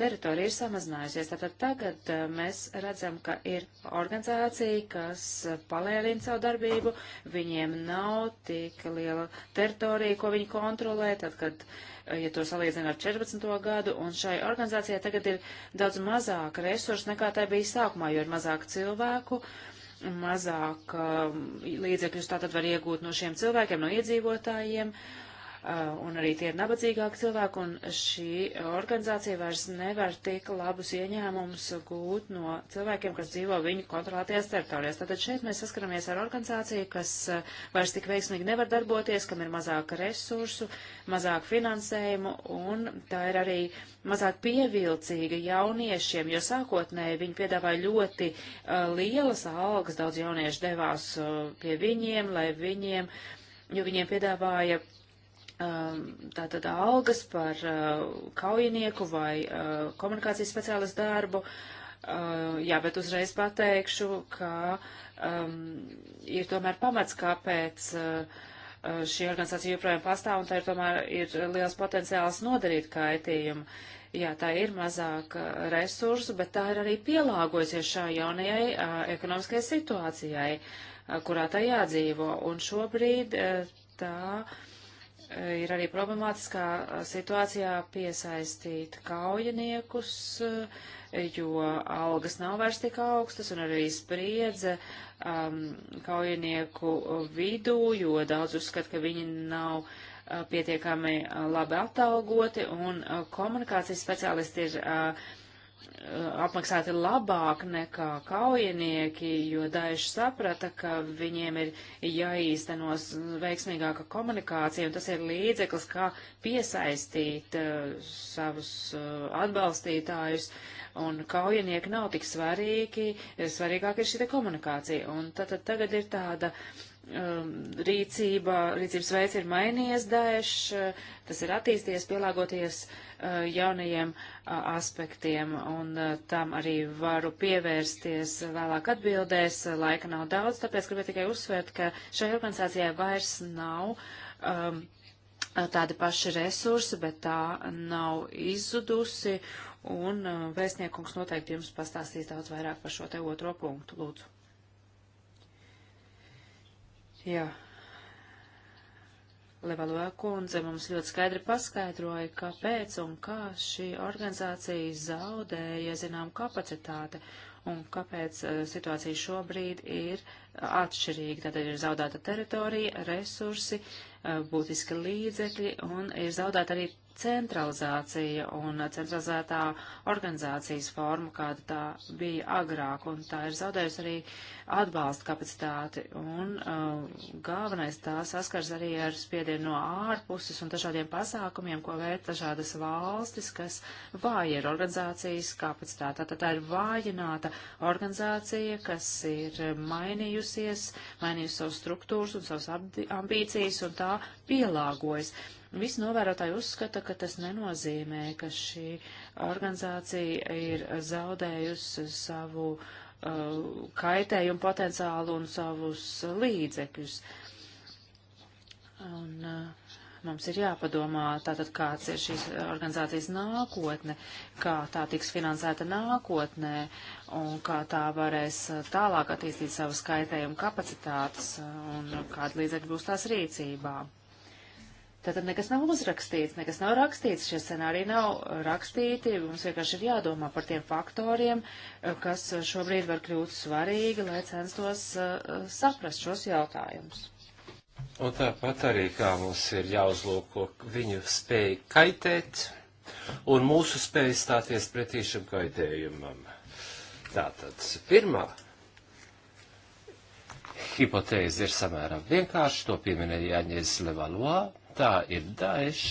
S2: teritorija ir samazinājusies. Tātad tagad eh, mēs redzam, ka ir organizācija, kas palēlina savu darbību, viņiem nav tik liela teritorija, ko viņi kontrolē, tad, kad, eh, ja to salīdzina ar 14. gadu, un šai organizācijai tagad ir daudz mazāk resursu nekā tai bija sākumā, jo ir mazāk cilvēku mazāk um, līdzekļus tātad var iegūt no šiem cilvēkiem, no iedzīvotājiem, Uh, un arī tie ir nabadzīgāki cilvēki, un šī organizācija vairs nevar tik labus ieņēmumus gūt no cilvēkiem, kas dzīvo viņu kontrolētajās teritorijās. Tātad šeit mēs saskaramies ar organizāciju, kas uh, vairs tik veiksmīgi nevar darboties, kam ir mazāk resursu, mazāk finansējumu, un tā ir arī mazāk pievilcīga jauniešiem, jo sākotnēji viņi piedāvāja ļoti uh, lielas algas, daudz jauniešu devās uh, pie viņiem, lai viņiem, jo viņiem piedāvāja Um, tātad algas par uh, kaujinieku vai uh, komunikācijas speciālistu darbu. Uh, jā, bet uzreiz pateikšu, ka um, ir tomēr pamats, kāpēc uh, šī organizācija joprojām pastāv, un tā ir tomēr ir liels potenciāls nodarīt kaitījumu. Jā, tā ir mazāk resursu, bet tā ir arī pielāgojusies šā jaunajai a, ekonomiskajai situācijai, a, kurā tā jādzīvo. Un šobrīd a, tā ir arī problemātiskā situācijā piesaistīt kaujiniekus, jo algas nav vairs tik augstas un arī spriedze um, kaujinieku vidū, jo daudz uzskat, ka viņi nav uh, pietiekami labi atalgoti un uh, komunikācijas speciālisti ir uh, Eh, apmaksāti labāk nekā kaujinieki, jo daži saprata, ka viņiem ir jāīstenos veiksmīgāka komunikācija, un tas ir līdzeklis, kā piesaistīt uh, savus uh, atbalstītājus, un kaujinieki nav tik svarīgi, svarīgāk ir šī komunikācija. Un tad, tad tagad ir tāda uh, Um, rīcība, rīcības veids ir mainījies daļš, uh, tas ir attīstījies, pielāgoties uh, jaunajiem uh, aspektiem, un tam arī varu pievērsties vēlāk atbildēs. Laika nav daudz, tāpēc gribēju tikai uzsvērt, ka šai organizācijai vairs nav um, tādi paši resursi, bet tā nav izzudusi, un vēstniekums noteikti jums pastāstīs daudz vairāk par šo te otro punktu. Lūdzu. Jā. Levalua kundze mums ļoti skaidri paskaidroja, kāpēc un kā šī organizācija zaudēja zinām kapacitāte un kāpēc uh, situācija šobrīd ir atšķirīga. Tātad ir zaudēta teritorija, resursi, uh, būtiski līdzekļi un ir zaudēta arī centralizācija un centralizētā organizācijas forma, kāda tā bija agrāk, un tā ir zaudējusi arī atbalsta kapacitāti. Un uh, galvenais tā saskars arī ar spiedienu no ārpuses un dažādiem pasākumiem, ko veic dažādas valstis, kas vāja ir organizācijas kapacitāte. Tātad tā ir vājināta organizācija, kas ir mainījusies, mainījusi savus struktūras un savus ambīcijas, un tā pielāgojas. Uh, Visi novērotāji uzskata, ka tas nenozīmē, ka šī organizācija ir zaudējusi savu uh, kaitējumu potenciālu un savus līdzekļus. Un, uh, mums ir jāpadomā, tātad kāds ir šīs organizācijas nākotne, kā tā tiks finansēta nākotnē un kā tā varēs uh, tālāk attīstīt savu skaitējumu kapacitātes uh, un kāda līdzekļa būs tās rīcībā. Tātad nekas nav uzrakstīts, nekas nav rakstīts, šie scenāriji nav rakstīti, mums vienkārši ir jādomā par tiem faktoriem, eh, kas šobrīd var kļūt svarīgi, lai censtos uh, saprast šos jautājumus.
S1: Un tāpat arī kā mums ir jāuzlūko viņu spēju kaitēt un mūsu spēju stāties pretī šim kaitējumam. Tātad pirmā hipotēze ir samērā vienkārša, to pieminēja Jāņēs Levalois tā ir Daesh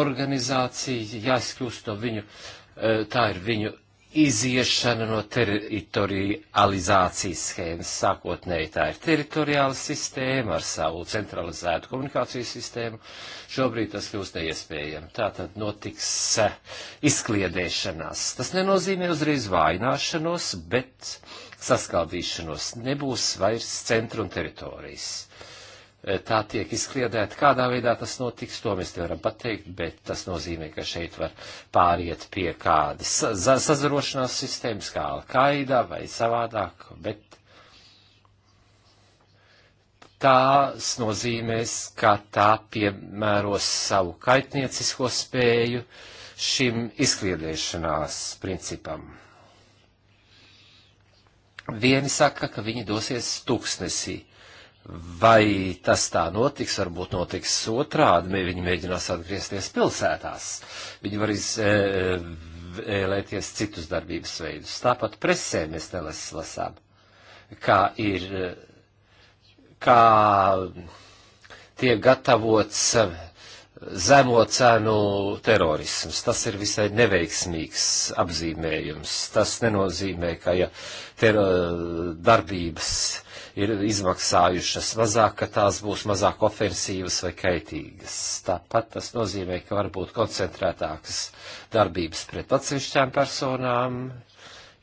S1: organizācija, jāskļūst no viņu, e, tā ir viņu iziešana no teritorializācijas schēmas. Sākotnēji tā ir teritoriāla sistēma ar savu centralizētu komunikācijas sistēmu. Šobrīd tas kļūst neiespējami. Tā tad notiks e, izkliedēšanās. Tas nenozīmē uzreiz vājināšanos, bet saskaldīšanos. Nebūs vairs centru un teritorijas. Eh, tā tiek izkliedēta. Kādā veidā tas notiks, to mēs nevaram pateikt, bet tas nozīmē, ka šeit var pāriet pie kādas sa sazarošanās sistēmas, kā Alkaidā vai savādāk, bet tās nozīmēs, ka tā piemēros savu kaitniecisko spēju šim izkliedēšanās principam. Vieni saka, ka viņi dosies tuksnesī Vai tas tā notiks, varbūt notiks otrādi, viņi mēģinās atgriezties pilsētās. Viņi var izvēlēties e, e, citus darbības veidus. Tāpat presē mēs nelasām, kā ir, kā tiek gatavots zemo cenu terorisms. Tas ir visai neveiksmīgs apzīmējums. Tas nenozīmē, ka ja tero, darbības ir izmaksājušas mazāk, ka tās būs mazāk ofensīvas vai kaitīgas. Tāpat tas nozīmē, ka var būt koncentrētākas darbības pret atsevišķām personām,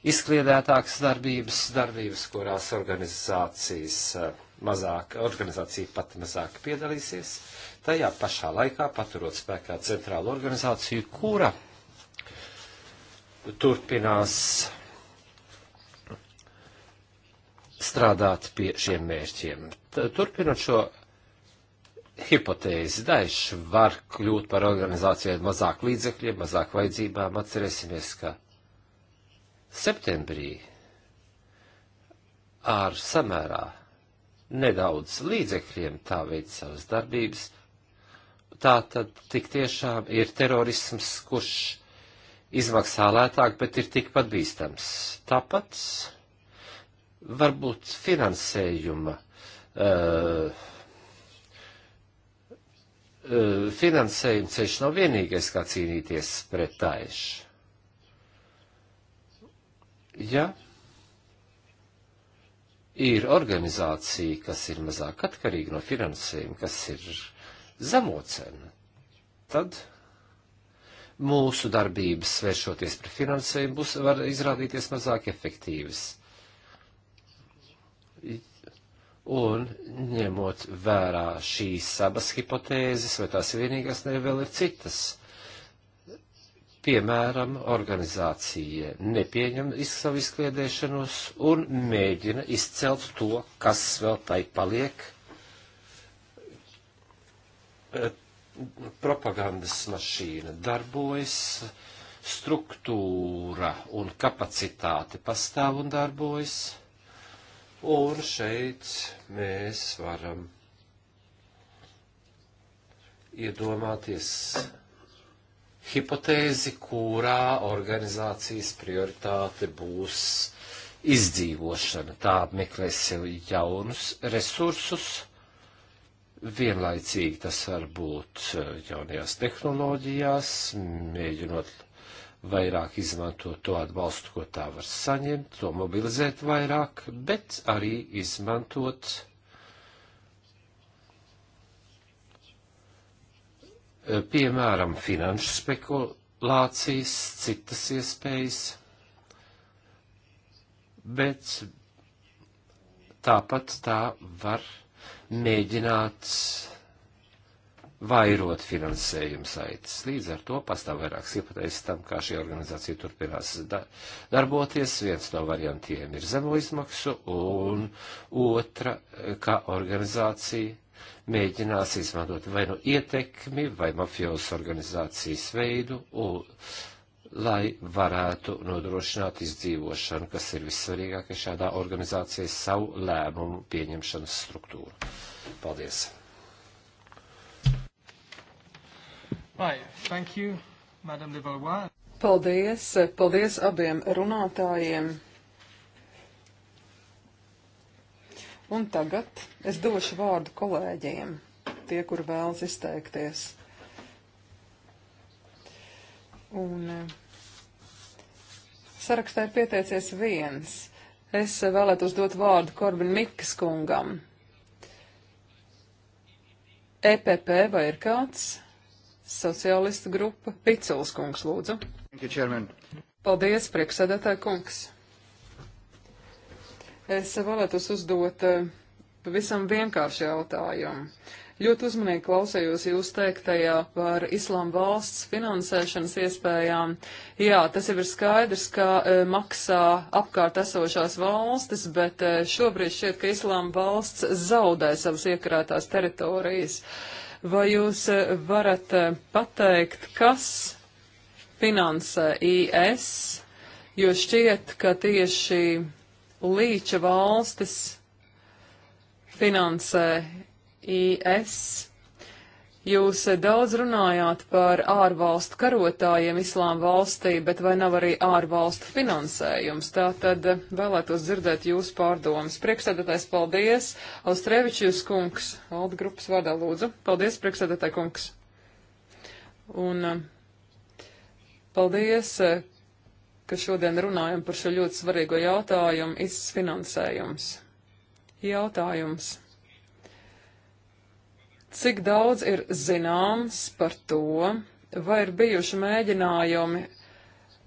S1: izkliedētākas darbības, darbības, kurās organizācijas eh, mazāk, organizācija pati mazāk piedalīsies, tajā pašā laikā paturot spēkā centrālu organizāciju, kura turpinās strādāt pie šiem mērķiem. Turpinot šo hipotēzi, Daesh var kļūt par organizāciju ar mazāk līdzekļiem, mazāk vajadzībām. Atcerēsimies, ka septembrī ar samērā nedaudz līdzekļiem tā veic savas darbības. Tā tad tik tiešām ir terorisms, kurš izmaksā lētāk, bet ir tikpat bīstams. Tāpat varbūt finansējuma, uh, uh, finansējuma ceļš nav vienīgais, kā cīnīties pret taišu. Ja ir organizācija, kas ir mazāk atkarīga no finansējuma, kas ir zemocena, tad mūsu darbības, vēršoties pret finansējumu, būs, var izrādīties mazāk efektīvas. Un ņemot vērā šīs abas hipotēzes, vai tās vienīgās, ne vēl ir citas. Piemēram, organizācija nepieņem savu izkliedēšanos un mēģina izcelt to, kas vēl tai paliek propagandas mašīna darbojas, struktūra un kapacitāte pastāv un darbojas Un šeit mēs varam iedomāties hipotēzi, kurā organizācijas prioritāte būs izdzīvošana. Tā meklēs sev jaunus resursus. Vienlaicīgi tas var būt jaunajās tehnoloģijās, mēģinot vairāk izmantot to atbalstu, ko tā var saņemt, to mobilizēt vairāk, bet arī izmantot piemēram finanšu spekulācijas, citas iespējas, bet tāpat tā var mēģināt vairot finansējumu saites. Līdz ar to pastāv vairākas iepateicis tam, kā šī organizācija turpinās da darboties. Viens no variantiem ir zemo izmaksu, un otra, kā organizācija mēģinās izmantot vai nu no ietekmi, vai mafijos organizācijas veidu, un, lai varētu nodrošināt izdzīvošanu, kas ir vissvarīgākais šādā organizācijā savu lēmumu pieņemšanas struktūru. Paldies! Right, thank you, Madam Levallois.
S3: Paldies, paldies abiem runātājiem. Un tagad es došu vārdu kolēģiem, tie, kur vēlas izteikties. Un eh, sarakstā ir pieteicies viens. Es vēlētos dot vārdu Korbin Mikas kungam. EPP vai ir kāds? Sociālistu grupa Picels kungs, lūdzu. You, Paldies, priekšsēdētāji kungs. Es vēlētos uzdot eh, pavisam vienkāršu jautājumu. Ļoti uzmanīgi klausējos jūs teiktajā par islām valsts finansēšanas iespējām. Jā, tas jau ir skaidrs, ka e, maksā apkārt esošās valstis, bet e, šobrīd šķiet, ka islām valsts zaudē savas iekrātās teritorijas. E, Vai jūs eh, varat eh, pateikt, kas finansē IS, jo šķiet, ka tieši līča valstis finansē IS? Jūs eh, daudz runājāt par ārvalstu karotājiem islām valstī, bet vai nav arī ārvalstu finansējums? Tā tad eh, vēlētos dzirdēt jūsu pārdomas. Priekšsēdētājs, paldies! Austrevičs kungs, valda grupas vārdā lūdzu. Paldies, priekšsēdētāj kungs! Un eh, paldies, ka šodien runājam par šo ļoti svarīgo jautājumu - izfinansējums. Jautājums. jautājums. Cik daudz ir zināms par to, vai ir bijuši mēģinājumi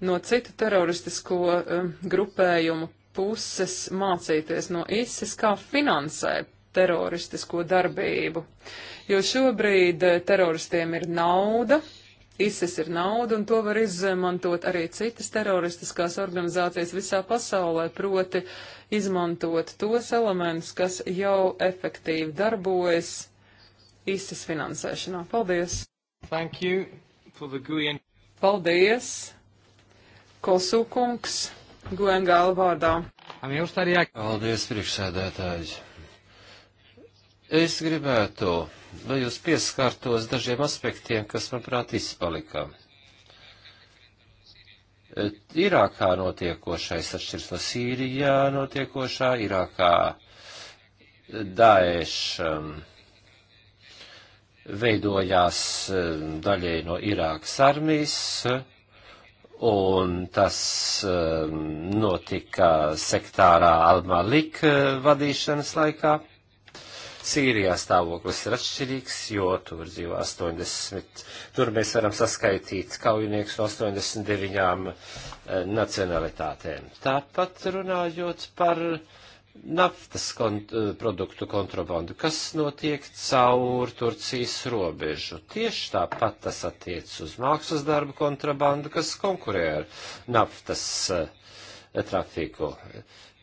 S3: no citu teroristisko uh, grupējumu puses mācīties no ISIS, kā finansēt teroristisko darbību. Jo šobrīd eh, teroristiem ir nauda, ISIS ir nauda, un to var izmantot arī citas teroristiskās organizācijas visā pasaulē, proti izmantot tos elementus, kas jau efektīvi darbojas īstas finansēšanā. Paldies! Thank you for the Guyen. Paldies! Kosukungs, Guyen gala vārdā.
S1: Paldies, priekšsēdētājs! Es gribētu, lai jūs pieskartos dažiem aspektiem, kas, manuprāt, izpalika. Irākā notiekošais atšķirs no Sīrijā notiekošā, Irākā Daesh um, veidojās eh, daļai no Irākas armijas, un tas eh, notika sektārā Al-Malik eh, vadīšanas laikā. Sīrijā stāvoklis ir atšķirīgs, jo tur dzīvo 80, tur mēs varam saskaitīt kaujinieks no 89 nacionalitātēm. Tāpat runājot par uh, naftas kont eh, produktu kontrabandu, kas notiek caur Turcijas robežu. Tieši tāpat tas attiec uz mākslas darbu kontrabandu, kas konkurē ar naftas eh, trafiku.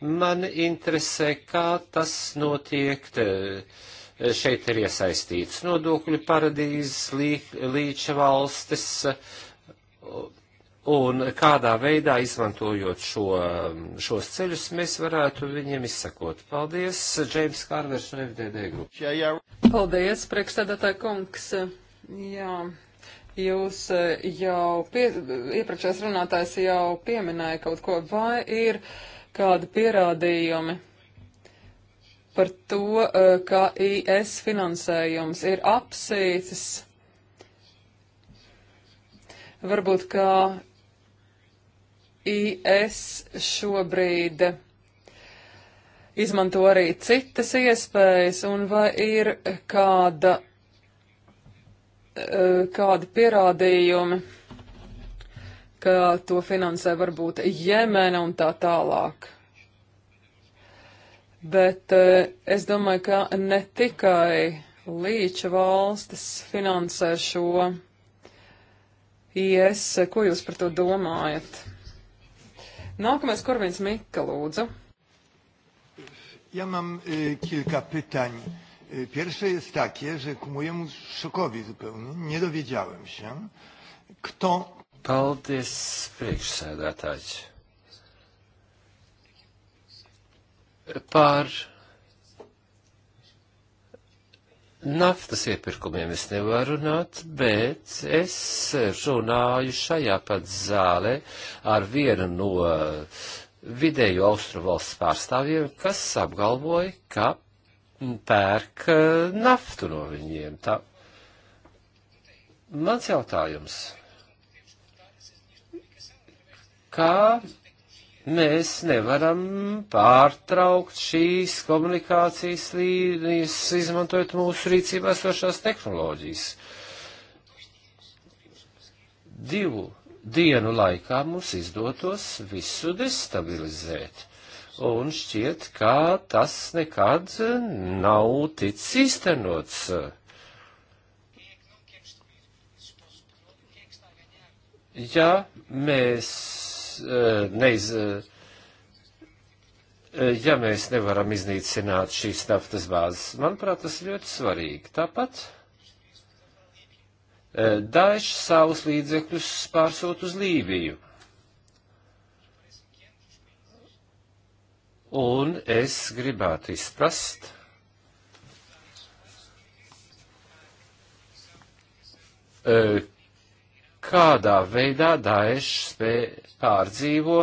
S1: Man interesē, kā tas notiek. Te, eh, šeit ir iesaistīts nodokļu paradīzes, lī, līča valstis un kādā veidā, izmantojot šo, šos ceļus, mēs varētu viņiem izsakot. Paldies, Džeims Kārvers no FDD grupas.
S3: Paldies, priekšstādātāja kungs. Jā. Jūs eh, jau, pie, iepriekšējais runātājs jau pieminēja kaut ko, vai ir kādi pierādījumi par to, eh, ka IS finansējums ir apsīcis varbūt kā IS šobrīd izmanto arī citas iespējas, un vai ir kāda, eh, kādi pierādījumi, ka to finansē varbūt Jemena un tā tālāk. Bet eh, es domāju, ka ne tikai līča valstis finansē šo IS. Ko jūs par to domājat? Nākamais Korvins Mika, lūdzu.
S1: Ja mam y, e, kilka pytań. Y, e, pierwsze jest takie, że ku mojemu szokowi zupełnie nie dowiedziałem się, kto. Paldies, priekšsēdētājs. Par naftas iepirkumiem es nevaru runāt, bet es runāju šajā pat zālē ar vienu no vidēju austru valsts pārstāvjiem, kas apgalvoja, ka pērk eh, naftu no viņiem. Tā. Mans jautājums. Kā mēs nevaram pārtraukt šīs komunikācijas līnijas, izmantojot mūsu rīcībā esošās tehnoloģijas. Divu dienu laikā mums izdotos visu destabilizēt, un šķiet, ka tas nekad nav ticis īstenots. Ja mēs Eh, neiz, eh, eh, ja mēs nevaram iznīcināt šīs naftas bāzes. Manuprāt, tas ir ļoti svarīgi. Tāpat Daešs savus līdzekļus pārsūt uz Lībiju. Un es gribētu izprast, kādā veidā Daesh pārdzīvo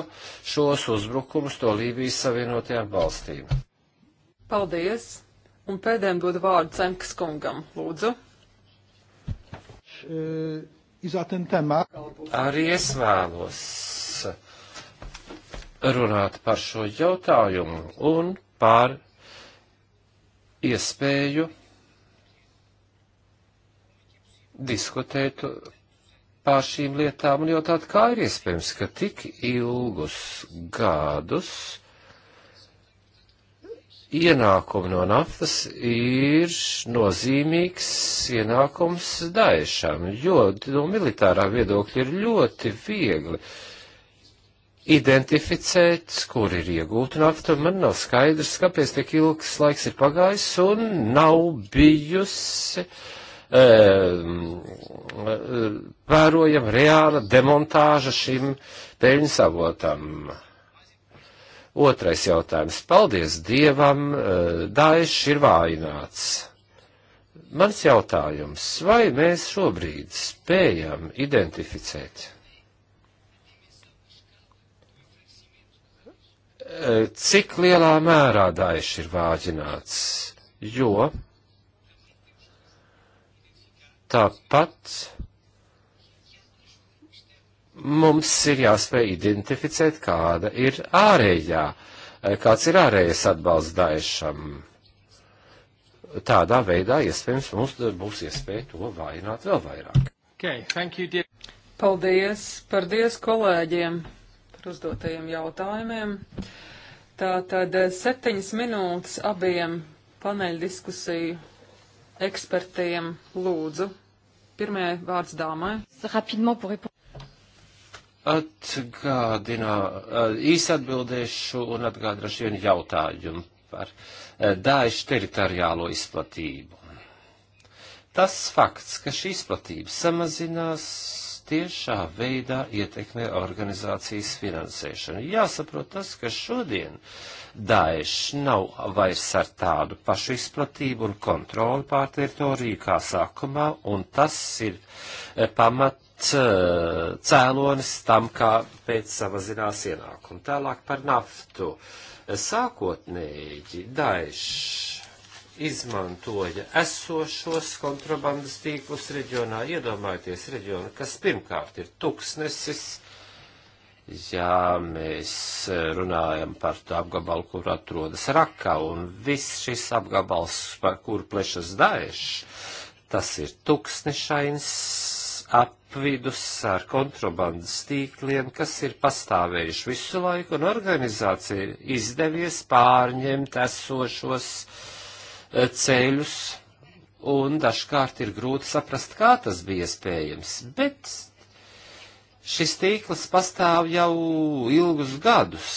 S1: šos uzbrukumus to Lībijas Savienotajām valstīm.
S3: Paldies! Un pēdējiem dod vārdu Cemkas kungam. Lūdzu!
S1: Arī es vēlos runāt par šo jautājumu un par iespēju diskutēt pār šīm lietām un jautāt, kā ir iespējams, ka tik ilgus gadus ienākumi no naftas ir nozīmīgs ienākums daišam, jo no militārā viedokļa ir ļoti viegli identificēt, kur ir iegūta nafta, un man nav skaidrs, kāpēc tik ilgs laiks ir pagājis un nav bijusi uh, Ehm, vērojama reāla demontāža šim peļņas avotam. Otrais jautājums. Paldies Dievam, eh, Daišs ir vājināts. Mans jautājums, vai mēs šobrīd spējam identificēt eh, cik lielā mērā Daesh ir vāģināts, jo Tāpat mums ir jāspēj identificēt, kāda ir ārējā, kāds ir ārējais atbalsts daišam. Tādā veidā iespējams mums būs iespēja to vājināt vēl vairāk. Okay,
S3: thank you, dear. Paldies, paldies kolēģiem par uzdotajiem jautājumiem. Tātad eh, septiņas minūtes abiem paneļdiskusiju ekspertiem lūdzu. Pirmie vārds dāmai.
S1: Atgādinā, īsi atbildēšu un atgādināšu vienu jautājumu par Dāešu teritoriālo izplatību. Tas fakts, ka šī izplatība samazinās tiešā veidā ietekmē organizācijas finansēšanu. Jāsaprot tas, ka šodien Daesh nav vairs ar tādu pašu izplatību un kontroli pār teritoriju kā sākumā, un tas ir e, pamats e, cēlonis tam, kā pēc samazinās ienākumu. Tālāk par naftu. E, sākotnēji Daesh izmantoja esošos kontrabandas tīklus reģionā. Iedomājieties reģionu, kas pirmkārt ir tuksnesis. Jā, mēs eh, runājam par to apgabalu, kur atrodas Raka, un viss šis apgabals, par kur plešas Daešs, tas ir tuksnešains apvidus ar kontrabandas tīkliem, kas ir pastāvējuši visu laiku, un organizācija izdevies pārņemt esošos uh, ceļus, un dažkārt ir grūti saprast, kā tas bija iespējams, bet šis tīkls pastāv jau ilgus gadus.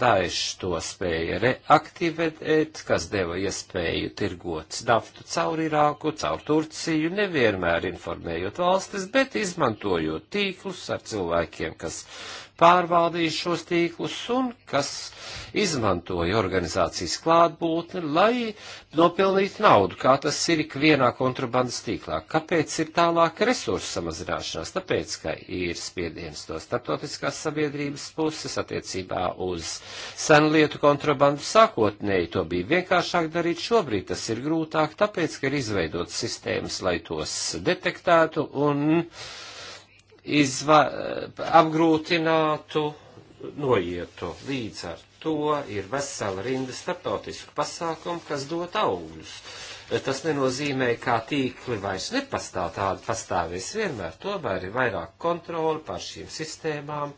S1: Daešs to spēja reaktivēt, kas deva iespēju tirgot naftu caur Irāku, caur Turciju, nevienmēr informējot valstis, bet izmantojot tīklus ar cilvēkiem, kas pārvaldīja šos tīklus un kas izmantoja organizācijas klātbūtni, lai nopelnītu naudu, kā tas ir ikvienā kontrabandas tīklā. Kāpēc ir tālāk resursu samazināšanās? Tāpēc, ka ir spiediens no starptautiskās sabiedrības puses attiecībā uz senlietu kontrabandu sākotnēji. To bija vienkāršāk darīt, šobrīd tas ir grūtāk, tāpēc, ka ir izveidotas sistēmas, lai tos detektētu un. Yeah izva, apgrūtinātu noietu. Līdz ar to ir vesela rinda starptautisku pasākumu, kas dot augļus. Tas nenozīmē, kā tīkli vairs nepastāv tādi pastāvēs vienmēr, tomēr ir vairāk kontroli pār šīm sistēmām,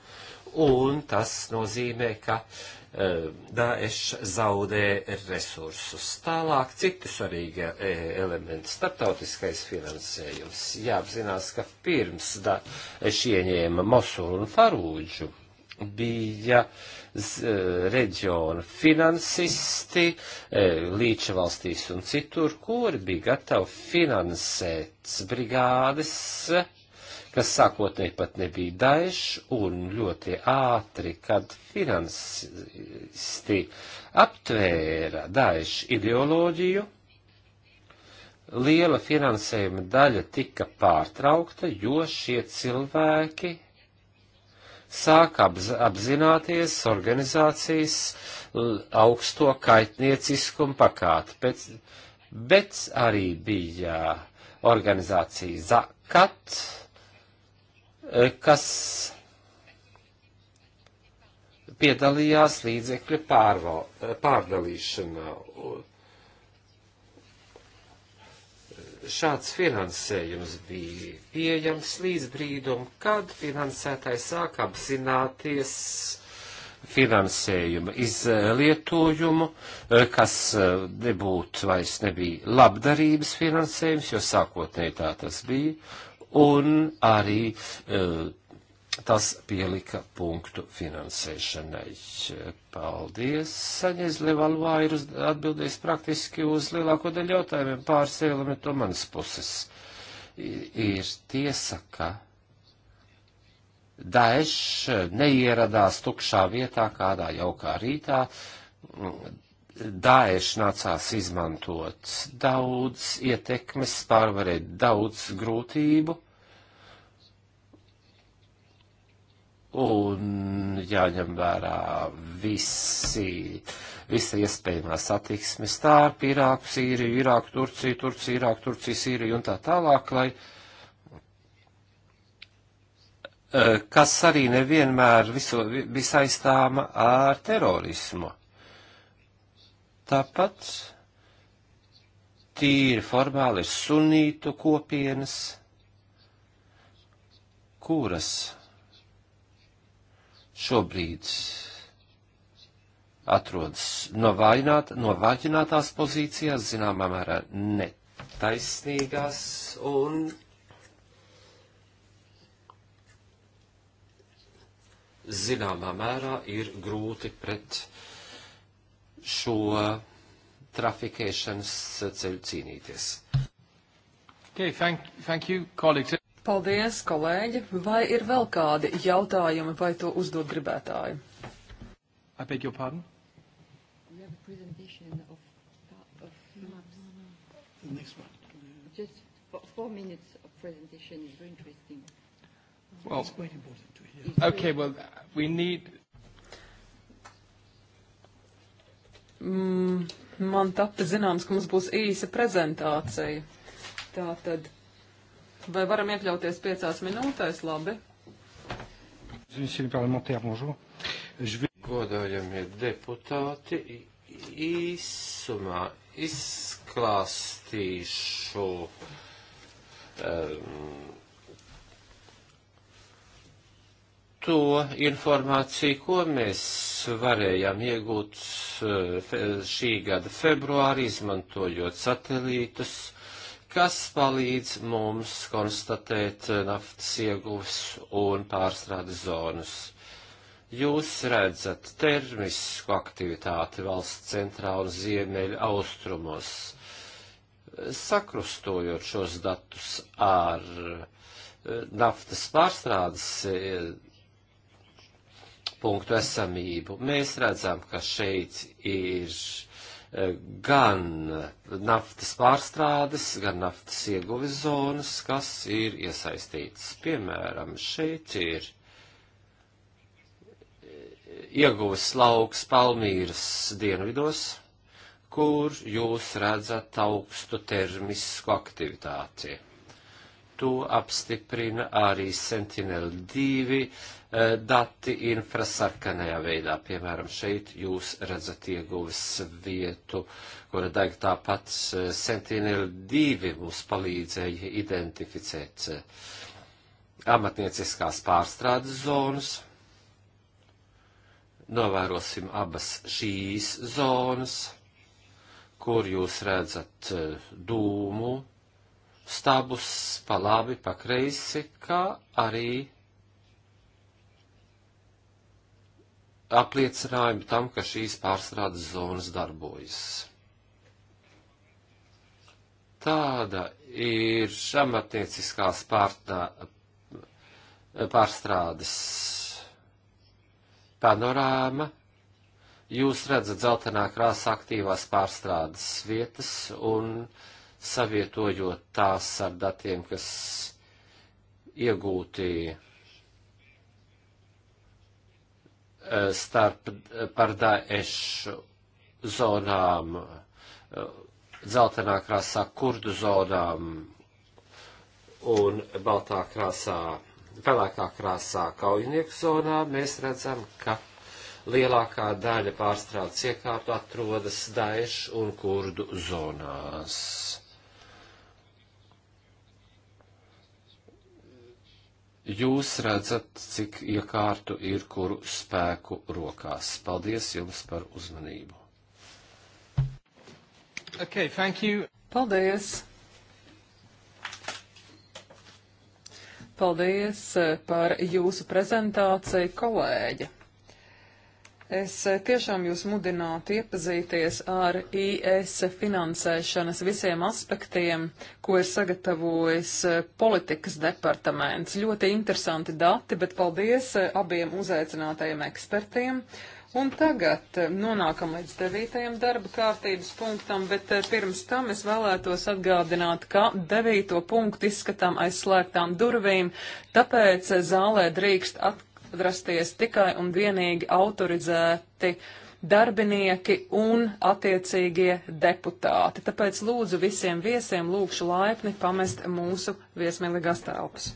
S1: un tas nozīmē, ka uh, E, Daesh zaudē resursus. Tālāk citi svarīgi e, elementi - starptautiskais finansējums. Jāapzinās, ka pirms Daesh ieņēma Mosulu un Farūģu bija z, e, reģiona finansisti Līča valstīs un citur, kuri bija gatavi finansēt brigādes kas sākotnēji pat nebija daļš, un ļoti ātri, kad finansisti aptvēra daļš ideoloģiju, liela finansējuma daļa tika pārtraukta, jo šie cilvēki sāk apz, apzināties organizācijas augsto kaitnieciskumu pakāpi, bet, bet arī bija organizācija Zakat, Eh, kas piedalījās līdzekļu pārval, eh, pārdalīšanā. Šāds finansējums bija pieejams līdz brīdum, kad finansētājs sāk apzināties finansējuma izlietojumu, eh, kas nebūtu vairs nebija labdarības finansējums, jo sākotnēji tā tas bija, un arī eh, tas pielika punktu finansēšanai. Paldies, Saņez Levalvā ir uz, atbildējis praktiski uz lielāko daļu jautājumiem pāris elementu no manas puses. Ir tiesa, ka Daešs neieradās tukšā vietā kādā jaukā rītā Daesh nācās izmantot daudz ietekmes, pārvarēt daudz grūtību, un jāņem vērā visi, visa iespējamā satiksme starp Irāku, Sīriju, Irāku, Turciju, Turciju, Irāku, Turciju, Sīriju un tā tālāk, lai eh, kas arī nevienmēr viso, visaistāma ar terorismu Tāpat tīri formāli ir sunītu kopienas, kuras šobrīd atrodas novājināt, novājinātās pozīcijās, zināmā mērā netaisnīgās un zināmā mērā ir grūti pret uh, šo trafikēšanas ceļu cīnīties. Okay, thank, thank you, colleagues. Paldies,
S3: kolēģi! Vai ir vēl kādi jautājumi vai to uzdot gribētāji? I beg your pardon? We have a presentation of, of maps.
S2: The next one. Just four minutes of presentation is very interesting.
S3: Well,
S1: it's quite important to hear. Okay, well, we need
S3: mm, man tapta zināms, ka mums būs īsa prezentācija. Tātad, vai varam iekļauties piecās
S1: minūtēs? Labi. Godājamie deputāti, īsumā izklāstīšu um, to informāciju, ko mēs varējām iegūt eh, šī gada februāri, izmantojot satelītus, kas palīdz mums konstatēt eh, naftas ieguves un pārstrādes zonas. Jūs redzat termisku aktivitāti valsts centrā un ziemeļa austrumos, sakrustojot šos datus ar eh, naftas pārstrādes punktu esamību. Mēs redzam, ka šeit ir eh, gan naftas pārstrādes, gan naftas ieguves zonas, kas ir iesaistītas. Piemēram, šeit ir eh, ieguves lauks Palmīras dienvidos, kur jūs redzat augstu termisku aktivitāti to apstiprina arī Sentinel-2 eh, dati infrasarkanajā veidā. Piemēram, šeit jūs redzat ieguvis vietu, kura daļa tāpat eh, Sentinel-2 mums palīdzēja identificēt eh, amatnieciskās pārstrādes zonas. Novērosim abas šīs zonas, kur jūs redzat dūmu, stabus pa labi, pa kreisi, kā arī apliecinājumi tam, ka šīs pārstrādes zonas darbojas. Tāda ir amatnieciskās pārtā, pārstrādes panorāma. Jūs redzat dzeltenā krāsā aktīvās pārstrādes vietas un uh, savietojot tās ar datiem, kas iegūti e, starp par Daešu zonām, e, dzeltenā krāsā, kurdu zonām un baltā krāsā, pelēkā krāsā kaujinieku zonā, mēs redzam, ka lielākā daļa pārstrādes iekārtu atrodas Daešu un kurdu zonās. jūs redzat, cik iekārtu ir kuru spēku rokās. Paldies jums par uzmanību. Okay, thank you.
S3: Paldies. Paldies eh, par jūsu prezentāciju, kolēģi. Es eh, tiešām jūs mudinātu iepazīties ar IS finansēšanas visiem aspektiem, ko ir sagatavojis eh, politikas departaments. Ļoti interesanti dati, bet paldies eh, abiem uzaicinātajiem ekspertiem. Un tagad nonākam līdz devītajam darba kārtības punktam, bet pirms tam es vēlētos atgādināt, ka devīto punktu izskatām aizslēgtām durvīm, tāpēc zālē drīkst atgādināt atrasties tikai un vienīgi autorizēti darbinieki un attiecīgie deputāti. Tāpēc lūdzu visiem viesiem lūkšu laipni pamest mūsu viesmīlīgās telpas.